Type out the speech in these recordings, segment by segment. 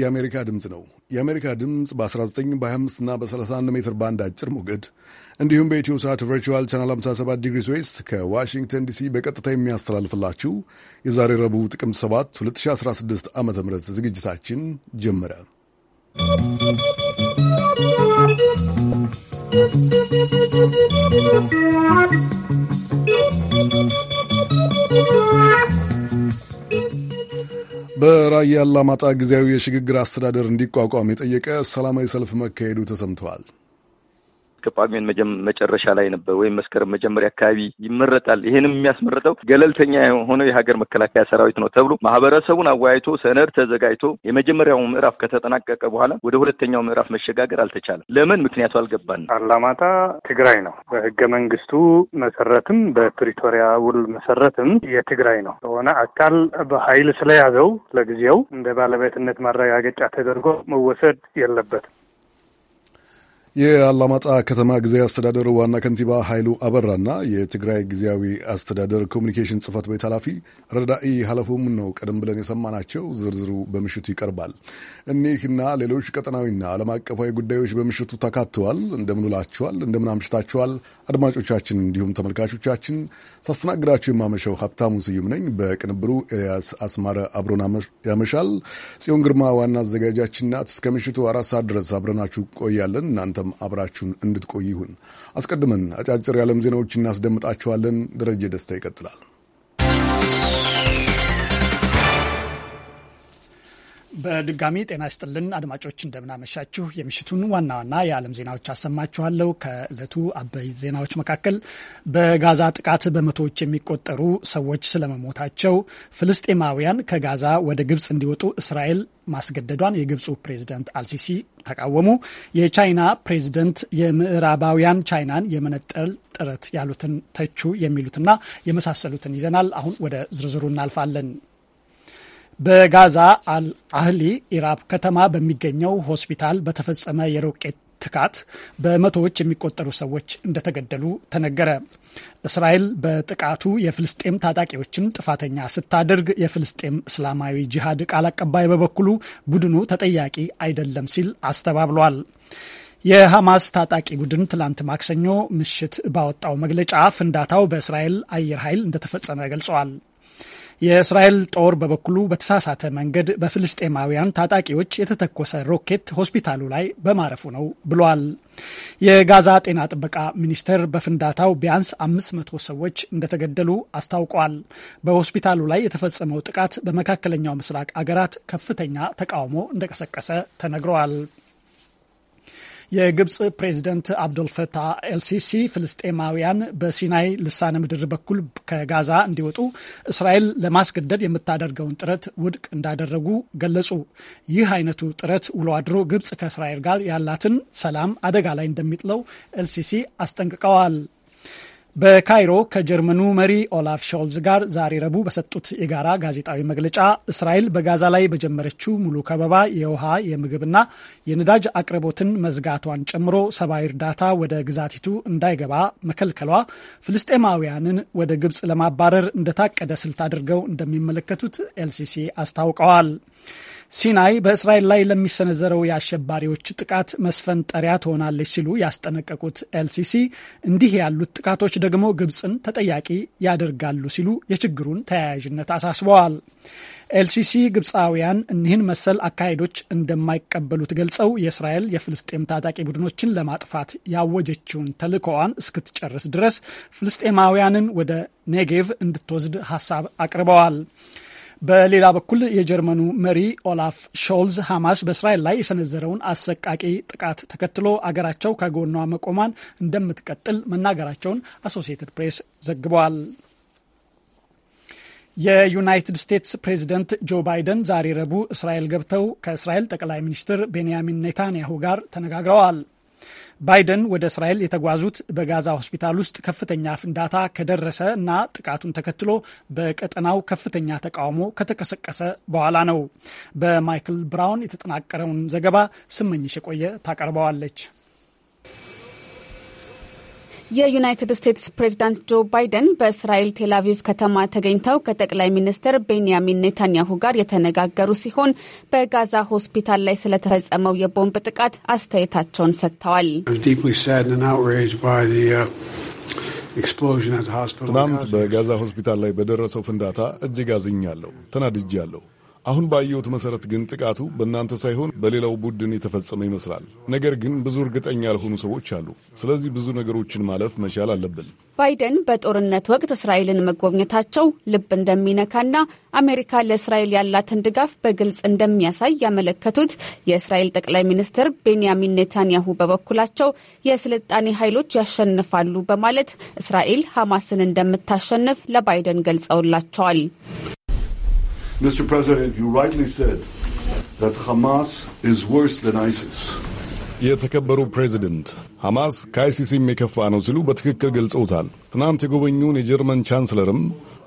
የአሜሪካ ድምፅ ነው። የአሜሪካ ድምፅ በ19 በ25 እና በ31 ሜትር ባንድ አጭር ሞገድ እንዲሁም በኢትዮ ሰዓት ቨርቹዋል ቻናል 57 ዲግሪ ዌስት ከዋሽንግተን ዲሲ በቀጥታ የሚያስተላልፍላችሁ የዛሬ ረቡዕ ጥቅምት 7 2016 ዓ ም ዝግጅታችን ጀመረ። ¶¶ በራያ አላማጣ ጊዜያዊ የሽግግር አስተዳደር እንዲቋቋም የጠየቀ ሰላማዊ ሰልፍ መካሄዱ ተሰምተዋል። ከጳጉሜን መጨረሻ ላይ ነበር ወይም መስከረም መጀመሪያ አካባቢ ይመረጣል። ይሄንም የሚያስመርጠው ገለልተኛ የሆነው የሀገር መከላከያ ሰራዊት ነው ተብሎ ማህበረሰቡን አወያይቶ ሰነድ ተዘጋጅቶ የመጀመሪያው ምዕራፍ ከተጠናቀቀ በኋላ ወደ ሁለተኛው ምዕራፍ መሸጋገር አልተቻለም። ለምን ምክንያቱ አልገባን። አላማጣ ትግራይ ነው። በህገ መንግስቱ መሰረትም በፕሪቶሪያ ውል መሰረትም የትግራይ ነው የሆነ አካል በኃይል ስለያዘው ለጊዜው እንደ ባለቤትነት ማረጋገጫ ተደርጎ መወሰድ የለበትም። የአላማጣ ከተማ ጊዜያዊ አስተዳደር ዋና ከንቲባ ኃይሉ አበራና የትግራይ ጊዜያዊ አስተዳደር ኮሚኒኬሽን ጽህፈት ቤት ኃላፊ ረዳኢ ሀለፉም ነው ቀደም ብለን የሰማናቸው። ዝርዝሩ በምሽቱ ይቀርባል። እኒህና ሌሎች ቀጠናዊና ዓለም አቀፋዊ ጉዳዮች በምሽቱ ተካተዋል። እንደምንውላችኋል፣ እንደምናምሽታችኋል አድማጮቻችን፣ እንዲሁም ተመልካቾቻችን ሳስተናግዳችሁ የማመሸው ሀብታሙ ስዩም ነኝ። በቅንብሩ ኤልያስ አስማረ አብሮን ያመሻል። ጽዮን ግርማ ዋና አዘጋጃችን ናት። እስከ ምሽቱ አራት ሰዓት ድረስ አብረናችሁ ቆያለን እናንተ እናንተም አብራችሁን እንድትቆይ ይሁን። አስቀድመን አጫጭር የዓለም ዜናዎች እናስደምጣችኋለን። ደረጀ ደስታ ይቀጥላል። በድጋሚ ጤና ይስጥልን አድማጮች፣ እንደምናመሻችሁ። የምሽቱን ዋና ዋና የዓለም ዜናዎች አሰማችኋለሁ። ከዕለቱ አበይ ዜናዎች መካከል በጋዛ ጥቃት በመቶዎች የሚቆጠሩ ሰዎች ስለመሞታቸው፣ ፍልስጤማውያን ከጋዛ ወደ ግብፅ እንዲወጡ እስራኤል ማስገደዷን የግብፁ ፕሬዚደንት አልሲሲ ተቃወሙ፣ የቻይና ፕሬዚደንት የምዕራባውያን ቻይናን የመነጠል ጥረት ያሉትን ተቹ፣ የሚሉትና የመሳሰሉትን ይዘናል። አሁን ወደ ዝርዝሩ እናልፋለን። በጋዛ አልአህሊ ኢራብ ከተማ በሚገኘው ሆስፒታል በተፈጸመ የሮኬት ትካት በመቶዎች የሚቆጠሩ ሰዎች እንደተገደሉ ተነገረ። እስራኤል በጥቃቱ የፍልስጤም ታጣቂዎችን ጥፋተኛ ስታደርግ የፍልስጤም እስላማዊ ጂሃድ ቃል አቀባይ በበኩሉ ቡድኑ ተጠያቂ አይደለም ሲል አስተባብሏል። የሐማስ ታጣቂ ቡድን ትላንት ማክሰኞ ምሽት ባወጣው መግለጫ ፍንዳታው በእስራኤል አየር ኃይል እንደተፈጸመ ገልጸዋል። የእስራኤል ጦር በበኩሉ በተሳሳተ መንገድ በፍልስጤማውያን ታጣቂዎች የተተኮሰ ሮኬት ሆስፒታሉ ላይ በማረፉ ነው ብሏል። የጋዛ ጤና ጥበቃ ሚኒስቴር በፍንዳታው ቢያንስ 500 ሰዎች እንደተገደሉ አስታውቋል። በሆስፒታሉ ላይ የተፈጸመው ጥቃት በመካከለኛው ምስራቅ አገራት ከፍተኛ ተቃውሞ እንደቀሰቀሰ ተነግረዋል። የግብፅ ፕሬዚደንት አብዶልፈታህ ኤልሲሲ ፍልስጤማውያን በሲናይ ልሳነ ምድር በኩል ከጋዛ እንዲወጡ እስራኤል ለማስገደድ የምታደርገውን ጥረት ውድቅ እንዳደረጉ ገለጹ። ይህ አይነቱ ጥረት ውሎ አድሮ ግብፅ ከእስራኤል ጋር ያላትን ሰላም አደጋ ላይ እንደሚጥለው ኤልሲሲ አስጠንቅቀዋል። በካይሮ ከጀርመኑ መሪ ኦላፍ ሾልዝ ጋር ዛሬ ረቡዕ በሰጡት የጋራ ጋዜጣዊ መግለጫ እስራኤል በጋዛ ላይ በጀመረችው ሙሉ ከበባ የውሃ የምግብና የነዳጅ አቅርቦትን መዝጋቷን ጨምሮ ሰብአዊ እርዳታ ወደ ግዛቲቱ እንዳይገባ መከልከሏ ፍልስጤማውያንን ወደ ግብፅ ለማባረር እንደታቀደ ስልት አድርገው እንደሚመለከቱት ኤልሲሲ አስታውቀዋል። ሲናይ በእስራኤል ላይ ለሚሰነዘረው የአሸባሪዎች ጥቃት መስፈንጠሪያ ትሆናለች ሲሉ ያስጠነቀቁት ኤልሲሲ እንዲህ ያሉት ጥቃቶች ደግሞ ግብፅን ተጠያቂ ያደርጋሉ ሲሉ የችግሩን ተያያዥነት አሳስበዋል። ኤልሲሲ ግብፃውያን እኒህን መሰል አካሄዶች እንደማይቀበሉት ገልጸው የእስራኤል የፍልስጤም ታጣቂ ቡድኖችን ለማጥፋት ያወጀችውን ተልእኮዋን እስክትጨርስ ድረስ ፍልስጤማውያንን ወደ ኔጌቭ እንድትወስድ ሀሳብ አቅርበዋል። በሌላ በኩል የጀርመኑ መሪ ኦላፍ ሾልዝ ሐማስ በእስራኤል ላይ የሰነዘረውን አሰቃቂ ጥቃት ተከትሎ አገራቸው ከጎኗ መቆሟን እንደምትቀጥል መናገራቸውን አሶሲየትድ ፕሬስ ዘግበዋል። የዩናይትድ ስቴትስ ፕሬዚደንት ጆ ባይደን ዛሬ ረቡዕ እስራኤል ገብተው ከእስራኤል ጠቅላይ ሚኒስትር ቤንያሚን ኔታንያሁ ጋር ተነጋግረዋል። ባይደን ወደ እስራኤል የተጓዙት በጋዛ ሆስፒታል ውስጥ ከፍተኛ ፍንዳታ ከደረሰ እና ጥቃቱን ተከትሎ በቀጠናው ከፍተኛ ተቃውሞ ከተቀሰቀሰ በኋላ ነው። በማይክል ብራውን የተጠናቀረውን ዘገባ ስመኝሽ የቆየ ታቀርበዋለች። የዩናይትድ ስቴትስ ፕሬዚዳንት ጆ ባይደን በእስራኤል ቴላቪቭ ከተማ ተገኝተው ከጠቅላይ ሚኒስትር ቤንያሚን ኔታንያሁ ጋር የተነጋገሩ ሲሆን በጋዛ ሆስፒታል ላይ ስለተፈጸመው የቦምብ ጥቃት አስተያየታቸውን ሰጥተዋል። uh, ትናንት በጋዛ ሆስፒታል ላይ በደረሰው ፍንዳታ እጅግ አዝኛለሁ፣ ተናድጃለሁ። አሁን ባየሁት መሰረት ግን ጥቃቱ በእናንተ ሳይሆን በሌላው ቡድን የተፈጸመ ይመስላል። ነገር ግን ብዙ እርግጠኛ ያልሆኑ ሰዎች አሉ። ስለዚህ ብዙ ነገሮችን ማለፍ መቻል አለብን። ባይደን በጦርነት ወቅት እስራኤልን መጎብኘታቸው ልብ እንደሚነካና አሜሪካ ለእስራኤል ያላትን ድጋፍ በግልጽ እንደሚያሳይ ያመለከቱት የእስራኤል ጠቅላይ ሚኒስትር ቤንያሚን ኔታንያሁ በበኩላቸው የስልጣኔ ኃይሎች ያሸንፋሉ በማለት እስራኤል ሐማስን እንደምታሸንፍ ለባይደን ገልጸውላቸዋል። Mr. President, you rightly said that Hamas is worse than ISIS. የተከበሩ ፕሬዚደንት ሐማስ ከአይሲሲም የከፋ ነው ሲሉ በትክክል ገልጸውታል። ትናንት የጎበኙን የጀርመን ቻንስለርም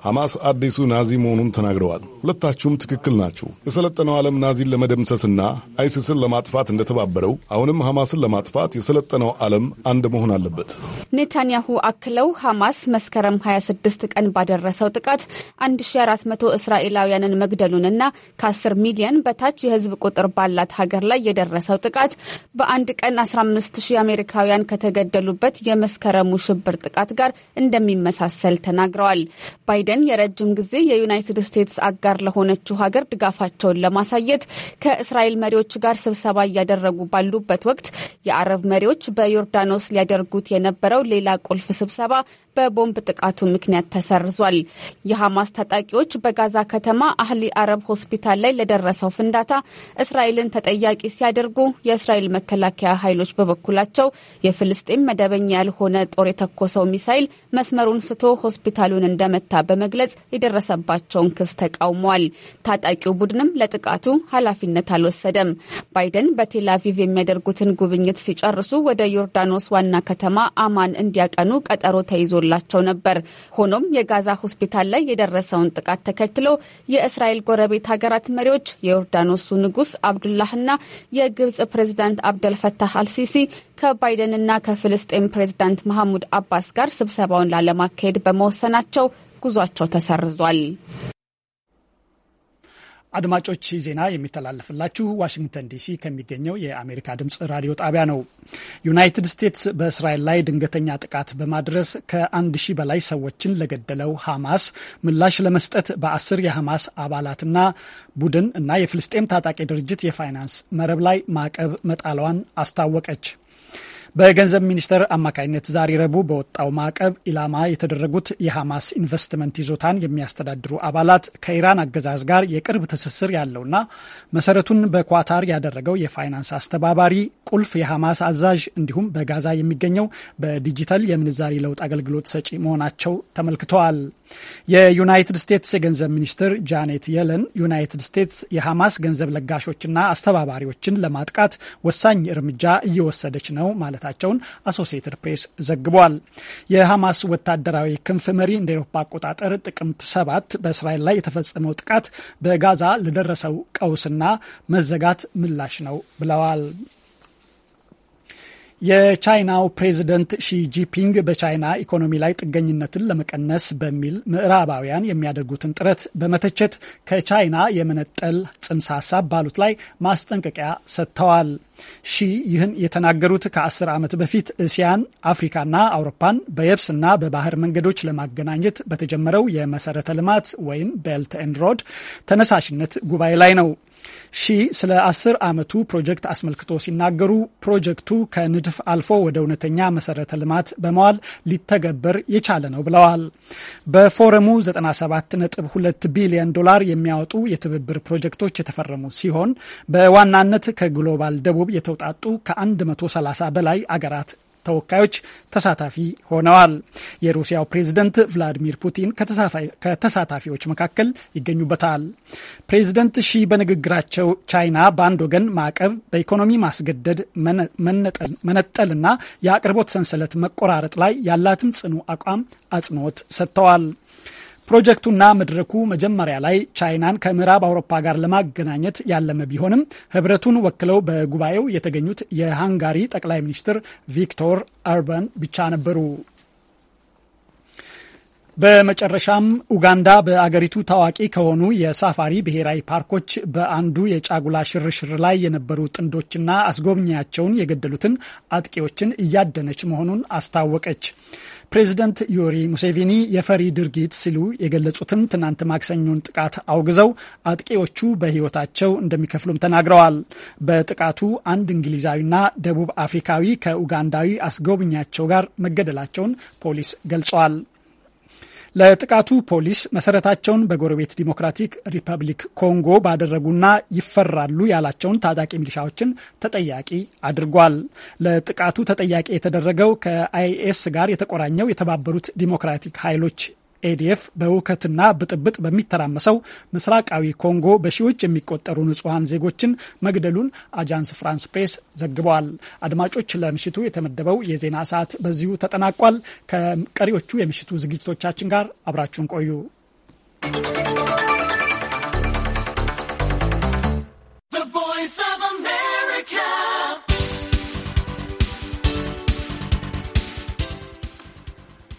ሐማስ አዲሱ ናዚ መሆኑን ተናግረዋል። ሁለታችሁም ትክክል ናችሁ። የሰለጠነው ዓለም ናዚን ለመደምሰስና አይሲስን ለማጥፋት እንደተባበረው አሁንም ሐማስን ለማጥፋት የሰለጠነው ዓለም አንድ መሆን አለበት። ኔታንያሁ አክለው ሐማስ መስከረም 26 ቀን ባደረሰው ጥቃት 1400 እስራኤላውያንን መግደሉንና ከ10 ሚሊዮን በታች የህዝብ ቁጥር ባላት ሀገር ላይ የደረሰው ጥቃት በአንድ ቀን 150 አሜሪካውያን ከተገደሉበት የመስከረሙ ሽብር ጥቃት ጋር እንደሚመሳሰል ተናግረዋል። ባይደን ግን የረጅም ጊዜ የዩናይትድ ስቴትስ አጋር ለሆነችው ሀገር ድጋፋቸውን ለማሳየት ከእስራኤል መሪዎች ጋር ስብሰባ እያደረጉ ባሉበት ወቅት የአረብ መሪዎች በዮርዳኖስ ሊያደርጉት የነበረው ሌላ ቁልፍ ስብሰባ በቦምብ ጥቃቱ ምክንያት ተሰርዟል። የሐማስ ታጣቂዎች በጋዛ ከተማ አህሊ አረብ ሆስፒታል ላይ ለደረሰው ፍንዳታ እስራኤልን ተጠያቂ ሲያደርጉ የእስራኤል መከላከያ ኃይሎች በበኩላቸው የፍልስጤም መደበኛ ያልሆነ ጦር የተኮሰው ሚሳይል መስመሩን ስቶ ሆስፒታሉን እንደመታ በመ በመግለጽ የደረሰባቸውን ክስ ተቃውሟል። ታጣቂው ቡድንም ለጥቃቱ ኃላፊነት አልወሰደም። ባይደን በቴል አቪቭ የሚያደርጉትን ጉብኝት ሲጨርሱ ወደ ዮርዳኖስ ዋና ከተማ አማን እንዲያቀኑ ቀጠሮ ተይዞላቸው ነበር። ሆኖም የጋዛ ሆስፒታል ላይ የደረሰውን ጥቃት ተከትሎ የእስራኤል ጎረቤት ሀገራት መሪዎች የዮርዳኖሱ ንጉስ አብዱላህና የግብጽ ፕሬዚዳንት አብደልፈታህ አልሲሲ ከባይደንና ከፍልስጤም ፕሬዚዳንት መሐሙድ አባስ ጋር ስብሰባውን ላለማካሄድ በመወሰናቸው ጉዟቸው ተሰርዟል። አድማጮች ዜና የሚተላለፍላችሁ ዋሽንግተን ዲሲ ከሚገኘው የአሜሪካ ድምፅ ራዲዮ ጣቢያ ነው። ዩናይትድ ስቴትስ በእስራኤል ላይ ድንገተኛ ጥቃት በማድረስ ከአንድ ሺህ በላይ ሰዎችን ለገደለው ሐማስ ምላሽ ለመስጠት በአስር የሐማስ አባላትና ቡድን እና የፍልስጤም ታጣቂ ድርጅት የፋይናንስ መረብ ላይ ማዕቀብ መጣሏን አስታወቀች። በገንዘብ ሚኒስቴር አማካኝነት ዛሬ ረቡዕ በወጣው ማዕቀብ ኢላማ የተደረጉት የሐማስ ኢንቨስትመንት ይዞታን የሚያስተዳድሩ አባላት ከኢራን አገዛዝ ጋር የቅርብ ትስስር ያለውና መሰረቱን በኳታር ያደረገው የፋይናንስ አስተባባሪ ቁልፍ የሐማስ አዛዥ እንዲሁም በጋዛ የሚገኘው በዲጂታል የምንዛሪ ለውጥ አገልግሎት ሰጪ መሆናቸው ተመልክተዋል። የዩናይትድ ስቴትስ የገንዘብ ሚኒስትር ጃኔት የለን ዩናይትድ ስቴትስ የሐማስ ገንዘብ ለጋሾችና አስተባባሪዎችን ለማጥቃት ወሳኝ እርምጃ እየወሰደች ነው ማለታቸውን አሶሲየትድ ፕሬስ ዘግቧል። የሐማስ ወታደራዊ ክንፍ መሪ እንደ ኤሮፓ አቆጣጠር ጥቅምት ሰባት በእስራኤል ላይ የተፈጸመው ጥቃት በጋዛ ለደረሰው ቀውስና መዘጋት ምላሽ ነው ብለዋል። የቻይናው ፕሬዚደንት ሺጂፒንግ በቻይና ኢኮኖሚ ላይ ጥገኝነትን ለመቀነስ በሚል ምዕራባውያን የሚያደርጉትን ጥረት በመተቸት ከቻይና የመነጠል ጽንሰ ሀሳብ ባሉት ላይ ማስጠንቀቂያ ሰጥተዋል። ሺ ይህን የተናገሩት ከአስር ዓመት በፊት እስያን፣ አፍሪካና አውሮፓን በየብስና በባህር መንገዶች ለማገናኘት በተጀመረው የመሰረተ ልማት ወይም ቤልት ኤንድ ሮድ ተነሳሽነት ጉባኤ ላይ ነው። ሺ ስለ አስር ዓመቱ ፕሮጀክት አስመልክቶ ሲናገሩ ፕሮጀክቱ ከንድፍ አልፎ ወደ እውነተኛ መሰረተ ልማት በመዋል ሊተገበር የቻለ ነው ብለዋል። በፎረሙ 97.2 ቢሊዮን ዶላር የሚያወጡ የትብብር ፕሮጀክቶች የተፈረሙ ሲሆን በዋናነት ከግሎባል ደቡብ የተውጣጡ ከ130 በላይ አገራት ተወካዮች ተሳታፊ ሆነዋል። የሩሲያው ፕሬዝደንት ቭላዲሚር ፑቲን ከተሳታፊዎች መካከል ይገኙበታል። ፕሬዝደንት ሺ በንግግራቸው ቻይና በአንድ ወገን ማዕቀብ፣ በኢኮኖሚ ማስገደድ፣ መነጠልና የአቅርቦት ሰንሰለት መቆራረጥ ላይ ያላትን ጽኑ አቋም አጽንኦት ሰጥተዋል። ፕሮጀክቱና መድረኩ መጀመሪያ ላይ ቻይናን ከምዕራብ አውሮፓ ጋር ለማገናኘት ያለመ ቢሆንም ህብረቱን ወክለው በጉባኤው የተገኙት የሃንጋሪ ጠቅላይ ሚኒስትር ቪክቶር ኦርባን ብቻ ነበሩ። በመጨረሻም ኡጋንዳ በአገሪቱ ታዋቂ ከሆኑ የሳፋሪ ብሔራዊ ፓርኮች በአንዱ የጫጉላ ሽርሽር ላይ የነበሩ ጥንዶችና አስጎብኚያቸውን የገደሉትን አጥቂዎችን እያደነች መሆኑን አስታወቀች። ፕሬዚደንት ዮሪ ሙሴቪኒ የፈሪ ድርጊት ሲሉ የገለጹትን ትናንት ማክሰኞን ጥቃት አውግዘው አጥቂዎቹ በሕይወታቸው እንደሚከፍሉም ተናግረዋል። በጥቃቱ አንድ እንግሊዛዊና ደቡብ አፍሪካዊ ከኡጋንዳዊ አስጎብኛቸው ጋር መገደላቸውን ፖሊስ ገልጸዋል። ለጥቃቱ ፖሊስ መሰረታቸውን በጎረቤት ዲሞክራቲክ ሪፐብሊክ ኮንጎ ባደረጉና ይፈራሉ ያላቸውን ታጣቂ ሚሊሻዎችን ተጠያቂ አድርጓል። ለጥቃቱ ተጠያቂ የተደረገው ከአይኤስ ጋር የተቆራኘው የተባበሩት ዲሞክራቲክ ኃይሎች ኤዲኤፍ በውከትና ብጥብጥ በሚተራመሰው ምስራቃዊ ኮንጎ በሺዎች የሚቆጠሩ ንጹሐን ዜጎችን መግደሉን አጃንስ ፍራንስ ፕሬስ ዘግበዋል። አድማጮች፣ ለምሽቱ የተመደበው የዜና ሰዓት በዚሁ ተጠናቋል። ከቀሪዎቹ የምሽቱ ዝግጅቶቻችን ጋር አብራችሁን ቆዩ።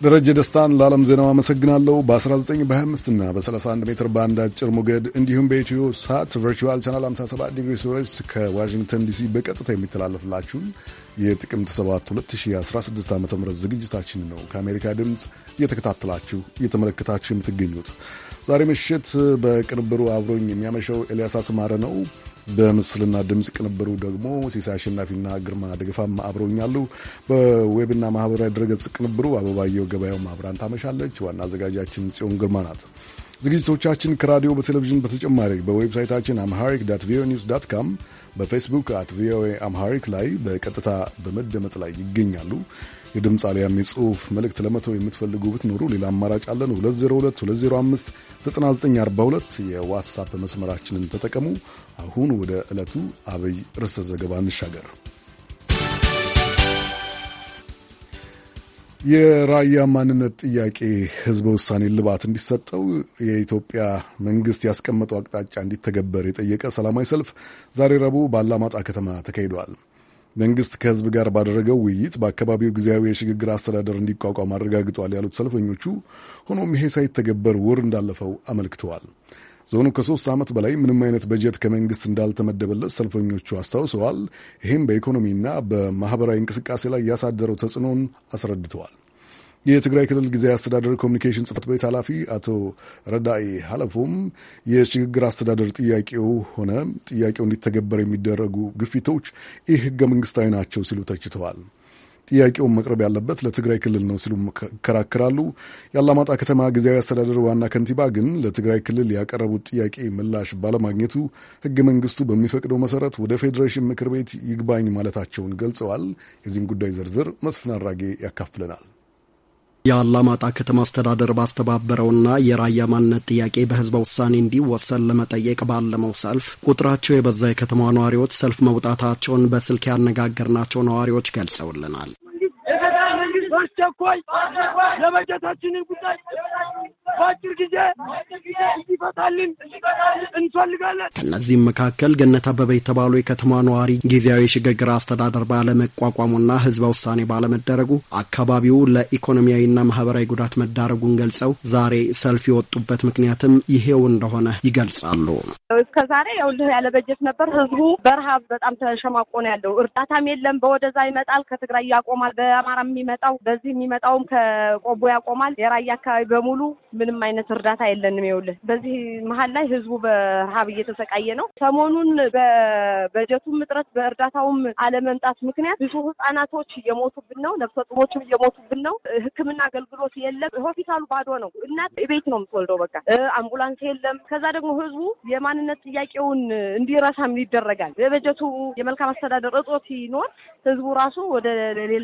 ደረጀ ደስታን ለዓለም ዜናው አመሰግናለሁ። በ19 በ25 እና በ31 ሜትር ባንድ አጭር ሞገድ እንዲሁም በኢትዮ ሳት ቨርቹዋል ቻናል 57 ዲግሪ ሶስ ከዋሽንግተን ዲሲ በቀጥታ የሚተላለፍላችሁን የጥቅምት 7 2016 ዓ ም ዝግጅታችን ነው ከአሜሪካ ድምፅ እየተከታተላችሁ እየተመለከታችሁ የምትገኙት። ዛሬ ምሽት በቅንብሩ አብሮኝ የሚያመሸው ኤልያስ አስማረ ነው። በምስልና ድምፅ ቅንብሩ ደግሞ ሲሳ አሸናፊና ግርማ ደገፋም አብረውኛሉ። በዌብና ማህበራዊ ድረገጽ ቅንብሩ አበባየው ገበያው ማብራን ታመሻለች። ዋና አዘጋጃችን ጽዮን ግርማ ናት። ዝግጅቶቻችን ከራዲዮ በቴሌቪዥን በተጨማሪ በዌብሳይታችን አምሃሪክ ዳት ቪኦኤ ኒውስ ዳት ካም በፌስቡክ አት ቪኦኤ አምሃሪክ ላይ በቀጥታ በመደመጥ ላይ ይገኛሉ። የድምፅ አሊያም የጽሁፍ መልእክት ለመተው የምትፈልጉ ብትኖሩ ሌላ አማራጭ አለን። 202 205 9942 የዋትሳፕ መስመራችንን ተጠቀሙ። አሁን ወደ ዕለቱ አብይ ርዕሰ ዘገባ እንሻገር። የራያ ማንነት ጥያቄ ህዝበ ውሳኔ ልባት እንዲሰጠው የኢትዮጵያ መንግስት ያስቀመጠው አቅጣጫ እንዲተገበር የጠየቀ ሰላማዊ ሰልፍ ዛሬ ረቡዕ በአላማጣ ከተማ ተካሂዷል። መንግስት ከህዝብ ጋር ባደረገው ውይይት በአካባቢው ጊዜያዊ የሽግግር አስተዳደር እንዲቋቋም አረጋግጧል ያሉት ሰልፈኞቹ፣ ሆኖም ይሄ ሳይተገበር ወር እንዳለፈው አመልክተዋል። ዞኑ ከሶስት ዓመት በላይ ምንም አይነት በጀት ከመንግስት እንዳልተመደበለት ሰልፈኞቹ አስታውሰዋል። ይህም በኢኮኖሚና በማህበራዊ እንቅስቃሴ ላይ ያሳደረው ተጽዕኖን አስረድተዋል። የትግራይ ክልል ጊዜያዊ አስተዳደር ኮሚኒኬሽን ጽህፈት ቤት ኃላፊ አቶ ረዳኢ ሀለፎም የሽግግር አስተዳደር ጥያቄው ሆነ ጥያቄው እንዲተገበር የሚደረጉ ግፊቶች ይህ ህገ መንግስታዊ ናቸው ሲሉ ተችተዋል። ጥያቄውን መቅረብ ያለበት ለትግራይ ክልል ነው ሲሉ ይከራከራሉ። የአላማጣ ከተማ ጊዜያዊ አስተዳደር ዋና ከንቲባ ግን ለትግራይ ክልል ያቀረቡት ጥያቄ ምላሽ ባለማግኘቱ ህገ መንግስቱ በሚፈቅደው መሰረት ወደ ፌዴሬሽን ምክር ቤት ይግባኝ ማለታቸውን ገልጸዋል። የዚህን ጉዳይ ዝርዝር መስፍን አራጌ ያካፍለናል። የአላማጣ ከተማ አስተዳደር ባስተባበረውና የራያ ማንነት ጥያቄ በህዝበ ውሳኔ እንዲወሰን ለመጠየቅ ባለመው ሰልፍ ቁጥራቸው የበዛ የከተማ ነዋሪዎች ሰልፍ መውጣታቸውን በስልክ ያነጋገርናቸው ነዋሪዎች ገልጸውልናል። በአስቸኳይ የበጀታችንን ጉዳይ በአጭር ጊዜ እንዲፈታልን እንፈልጋለን። ከእነዚህም መካከል ገነት አበበ የተባሉ የከተማ ነዋሪ ጊዜያዊ ሽግግር አስተዳደር ባለመቋቋሙና ህዝበ ውሳኔ ባለመደረጉ አካባቢው ለኢኮኖሚያዊና ማህበራዊ ጉዳት መዳረጉን ገልጸው ዛሬ ሰልፍ የወጡበት ምክንያትም ይሄው እንደሆነ ይገልጻሉ። እስከ ዛሬ ያውልህ ያለ በጀት ነበር። ህዝቡ በረሃብ በጣም ተሸማቆ ነው ያለው። እርዳታም የለም። በወደዛ ይመጣል ከትግራይ ያቆማል። በአማራ የሚመጣው በዚህ ከዚህ የሚመጣውም ከቆቦ ያቆማል። የራያ አካባቢ በሙሉ ምንም አይነት እርዳታ የለንም። ይኸውልህ በዚህ መሀል ላይ ህዝቡ በረሀብ እየተሰቃየ ነው። ሰሞኑን በበጀቱም እጥረት በእርዳታውም አለመምጣት ምክንያት ብዙ ህጻናቶች እየሞቱብን ነው። ነፍሰ ጡሮችም እየሞቱብን ነው። ህክምና አገልግሎት የለም። ሆስፒታሉ ባዶ ነው። እናት ቤት ነው የምትወልደው። በቃ አምቡላንስ የለም። ከዛ ደግሞ ህዝቡ የማንነት ጥያቄውን እንዲረሳም ይደረጋል። የበጀቱ የመልካም አስተዳደር እጦት ሲኖር ህዝቡ ራሱ ወደ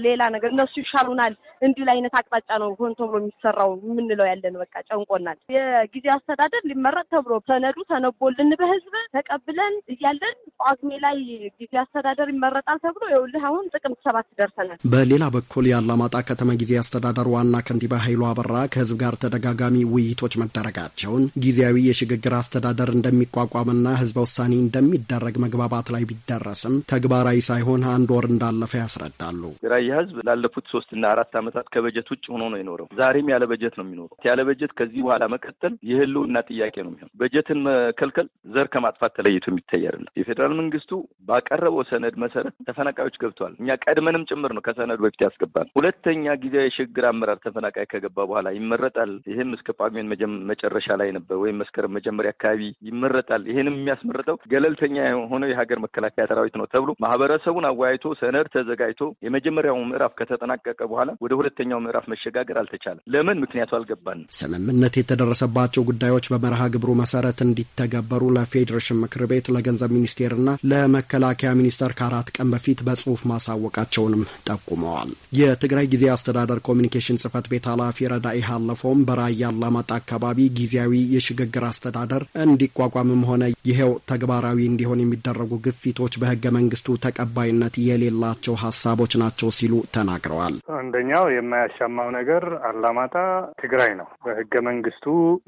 ሌላ ነገር እነሱ ይሻሉናል እንዲሁ አይነት አቅጣጫ ነው ሆን ተብሎ የሚሰራው የምንለው ያለን በቃ ጨንቆናል። የጊዜ አስተዳደር ሊመረጥ ተብሎ ሰነዱ ተነቦልን በህዝብ ተቀብለን እያለን ጳጉሜ ላይ ጊዜ አስተዳደር ይመረጣል ተብሎ ይኸውልህ አሁን ጥቅምት ሰባት ደርሰናል። በሌላ በኩል የአላማጣ ከተማ ጊዜ አስተዳደር ዋና ከንቲባ ኃይሉ አበራ ከህዝብ ጋር ተደጋጋሚ ውይይቶች መደረጋቸውን ጊዜያዊ የሽግግር አስተዳደር እንደሚቋቋምና ህዝበ ውሳኔ እንደሚደረግ መግባባት ላይ ቢደረስም ተግባራዊ ሳይሆን አንድ ወር እንዳለፈ ያስረዳሉ። ራያ ህዝብ ላለፉት ሶስትና አራት ዓመታት ከበጀት ውጭ ሆኖ ነው የኖረው። ዛሬም ያለ በጀት ነው የሚኖረው። ያለ በጀት ከዚህ በኋላ መቀጠል የህልውና ጥያቄ ነው የሚሆነው። በጀትን መከልከል ዘር ከማጥፋት ተለይቶ የሚታይ አይደለም። የፌዴራል መንግስቱ ባቀረበው ሰነድ መሰረት ተፈናቃዮች ገብተዋል። እኛ ቀድመንም ጭምር ነው ከሰነዱ በፊት ያስገባል። ሁለተኛ ጊዜያዊ የሽግግር አመራር ተፈናቃይ ከገባ በኋላ ይመረጣል። ይህም እስከ ጳጉሜን መጨረሻ ላይ ነበር ወይም መስከረም መጀመሪያ አካባቢ ይመረጣል። ይህንም የሚያስመርጠው ገለልተኛ የሆነው የሀገር መከላከያ ሰራዊት ነው ተብሎ ማህበረሰቡን አወያይቶ ሰነድ ተዘጋጅቶ የመጀመሪያው ምዕራፍ ከተጠናቀቀ በኋላ ወደ ሁለተኛው ምዕራፍ መሸጋገር አልተቻለም። ለምን ምክንያቱ አልገባንም። ስምምነት የተደረሰባቸው ጉዳዮች በመርሃ ግብሩ መሰረት እንዲተገበሩ ለፌዴሬሽን ምክር ቤት፣ ለገንዘብ ሚኒስቴርና ለመከላከያ ሚኒስቴር ከአራት ቀን በፊት በጽሁፍ ማሳወቃቸውንም ጠቁመዋል። የትግራይ ጊዜ አስተዳደር ኮሚኒኬሽን ጽህፈት ቤት ኃላፊ ረዳኢ ሃለፎም በራያ አላማጣ አካባቢ ጊዜያዊ የሽግግር አስተዳደር እንዲቋቋምም ሆነ ይኸው ተግባራዊ እንዲሆን የሚደረጉ ግፊቶች በህገ መንግስቱ ተቀባይነት የሌላቸው ሀሳቦች ናቸው ሲሉ ተናግረዋል። አንደኛ ሌላው የማያሻማው ነገር አላማጣ ትግራይ ነው። በህገ መንግስቱ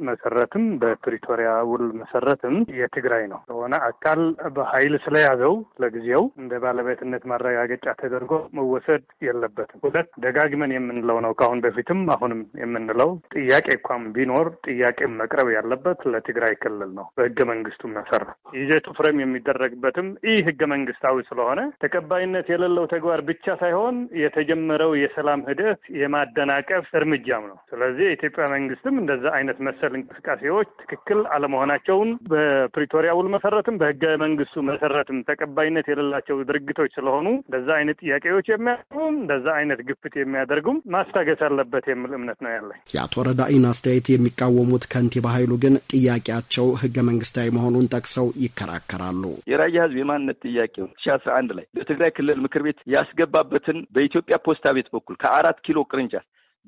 መሰረትም በፕሪቶሪያ ውል መሰረትም የትግራይ ነው የሆነ አካል በኃይል ስለያዘው ለጊዜው እንደ ባለቤትነት ማረጋገጫ ተደርጎ መወሰድ የለበትም። ሁለት ደጋግመን የምንለው ነው ከአሁን በፊትም አሁንም የምንለው ጥያቄ እንኳን ቢኖር ጥያቄ መቅረብ ያለበት ለትግራይ ክልል ነው በህገ መንግስቱ መሰረት ይዘቱ ፍሬም የሚደረግበትም ይህ ህገ መንግስታዊ ስለሆነ ተቀባይነት የሌለው ተግባር ብቻ ሳይሆን የተጀመረው የሰላም ሂደት ሂደት የማደናቀፍ እርምጃም ነው። ስለዚህ የኢትዮጵያ መንግስትም እንደዛ አይነት መሰል እንቅስቃሴዎች ትክክል አለመሆናቸውን በፕሪቶሪያ ውል መሰረትም በህገ መንግስቱ መሰረትም ተቀባይነት የሌላቸው ድርጊቶች ስለሆኑ እንደዛ አይነት ጥያቄዎች የሚያደርጉም እንደዛ አይነት ግፍት የሚያደርጉም ማስታገስ አለበት የሚል እምነት ነው ያለኝ። የአቶ ረዳኢን አስተያየት የሚቃወሙት ከንቲባ ኃይሉ ግን ጥያቄያቸው ህገ መንግስታዊ መሆኑን ጠቅሰው ይከራከራሉ። የራያ ህዝብ የማንነት ጥያቄ ሁለት ሺ አስራ አንድ ላይ በትግራይ ክልል ምክር ቤት ያስገባበትን በኢትዮጵያ ፖስታ ቤት በኩል ከአራት Kilo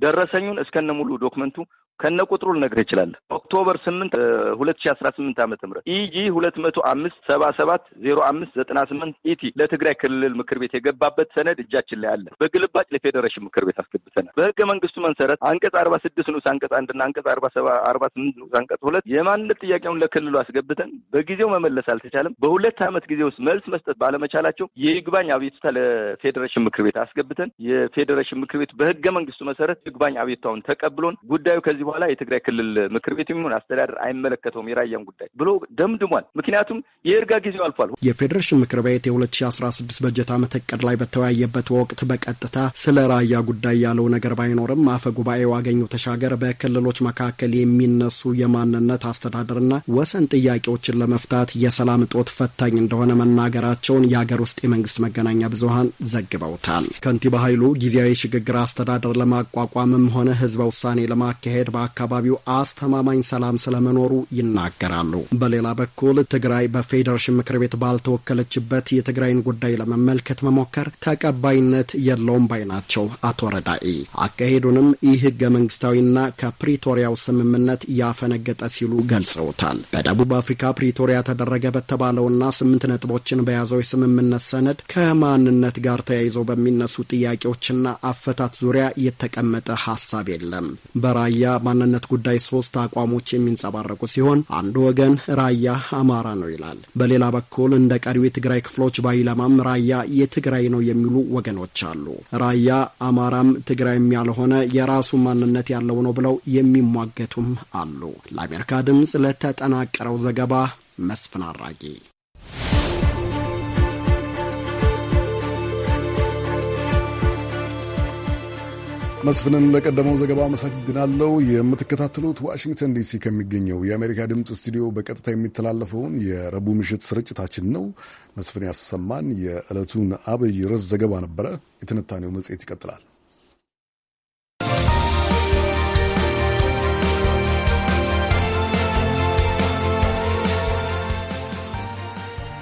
ደረሰኙን እስከነ ሙሉ ዶክመንቱ ከነ ቁጥሩ ልነግር ይችላል። ኦክቶበር ስምንት ሁለት ሺ አስራ ስምንት ዓመተ ምህረት ኢጂ ሁለት መቶ አምስት ሰባ ሰባት ዜሮ አምስት ዘጠና ስምንት ኢቲ ለትግራይ ክልል ምክር ቤት የገባበት ሰነድ እጃችን ላይ አለ። በግልባጭ ለፌዴሬሽን ምክር ቤት አስገብተናል። በህገ መንግስቱ መሰረት አንቀጽ አርባ ስድስት ንዑስ አንቀጽ አንድና አንቀጽ አርባ ሰባ አርባ ስምንት ንዑስ አንቀጽ ሁለት የማንነት ጥያቄውን ለክልሉ አስገብተን በጊዜው መመለስ አልተቻለም። በሁለት ዓመት ጊዜ ውስጥ መልስ መስጠት ባለመቻላቸው የይግባኝ አቤቱታ ለፌዴሬሽን ምክር ቤት አስገብተን የፌዴሬሽን ምክር ቤት በህገ መንግስቱ መሰረት ይግባኝ አቤቱታውን ተቀብሎን ጉዳዩ ከዚህ በኋላ የትግራይ ክልል ምክር ቤት የሚሆን አስተዳደር አይመለከተውም የራያን ጉዳይ ብሎ ደምድሟል። ምክንያቱም የእርጋ ጊዜው አልፏል። የፌዴሬሽን ምክር ቤት የ2016 በጀት ዓመት እቅድ ላይ በተወያየበት ወቅት በቀጥታ ስለ ራያ ጉዳይ ያለው ነገር ባይኖርም አፈ ጉባኤው አገኘሁ ተሻገር በክልሎች መካከል የሚነሱ የማንነት አስተዳደርና ወሰን ጥያቄዎችን ለመፍታት የሰላም እጦት ፈታኝ እንደሆነ መናገራቸውን የአገር ውስጥ የመንግስት መገናኛ ብዙሀን ዘግበውታል። ከንቲባ ኃይሉ ጊዜያዊ ሽግግር አስተዳደር ለማቋቋም አቋምም ሆነ ህዝበ ውሳኔ ለማካሄድ በአካባቢው አስተማማኝ ሰላም ስለመኖሩ ይናገራሉ። በሌላ በኩል ትግራይ በፌዴሬሽን ምክር ቤት ባልተወከለችበት የትግራይን ጉዳይ ለመመልከት መሞከር ተቀባይነት የለውም ባይ ናቸው አቶ ረዳኢ። አካሄዱንም ይህ ህገ መንግስታዊና ከፕሪቶሪያው ስምምነት ያፈነገጠ ሲሉ ገልጸውታል። በደቡብ አፍሪካ ፕሪቶሪያ ተደረገ በተባለውና ስምንት ነጥቦችን በያዘው የስምምነት ሰነድ ከማንነት ጋር ተያይዘው በሚነሱ ጥያቄዎችና አፈታት ዙሪያ የተቀመጠ የበለጠ ሀሳብ የለም። በራያ ማንነት ጉዳይ ሶስት አቋሞች የሚንጸባረቁ ሲሆን አንዱ ወገን ራያ አማራ ነው ይላል። በሌላ በኩል እንደ ቀሪው የትግራይ ክፍሎች ባይለማም ራያ የትግራይ ነው የሚሉ ወገኖች አሉ። ራያ አማራም ትግራይም ያልሆነ የራሱ ማንነት ያለው ነው ብለው የሚሟገቱም አሉ። ለአሜሪካ ድምፅ ለተጠናቀረው ዘገባ መስፍን አራጌ መስፍንን ለቀደመው ዘገባ አመሰግናለሁ። የምትከታተሉት ዋሽንግተን ዲሲ ከሚገኘው የአሜሪካ ድምፅ ስቱዲዮ በቀጥታ የሚተላለፈውን የረቡዕ ምሽት ስርጭታችን ነው። መስፍን ያሰማን የዕለቱን አብይ ርዕስ ዘገባ ነበረ። የትንታኔው መጽሔት ይቀጥላል።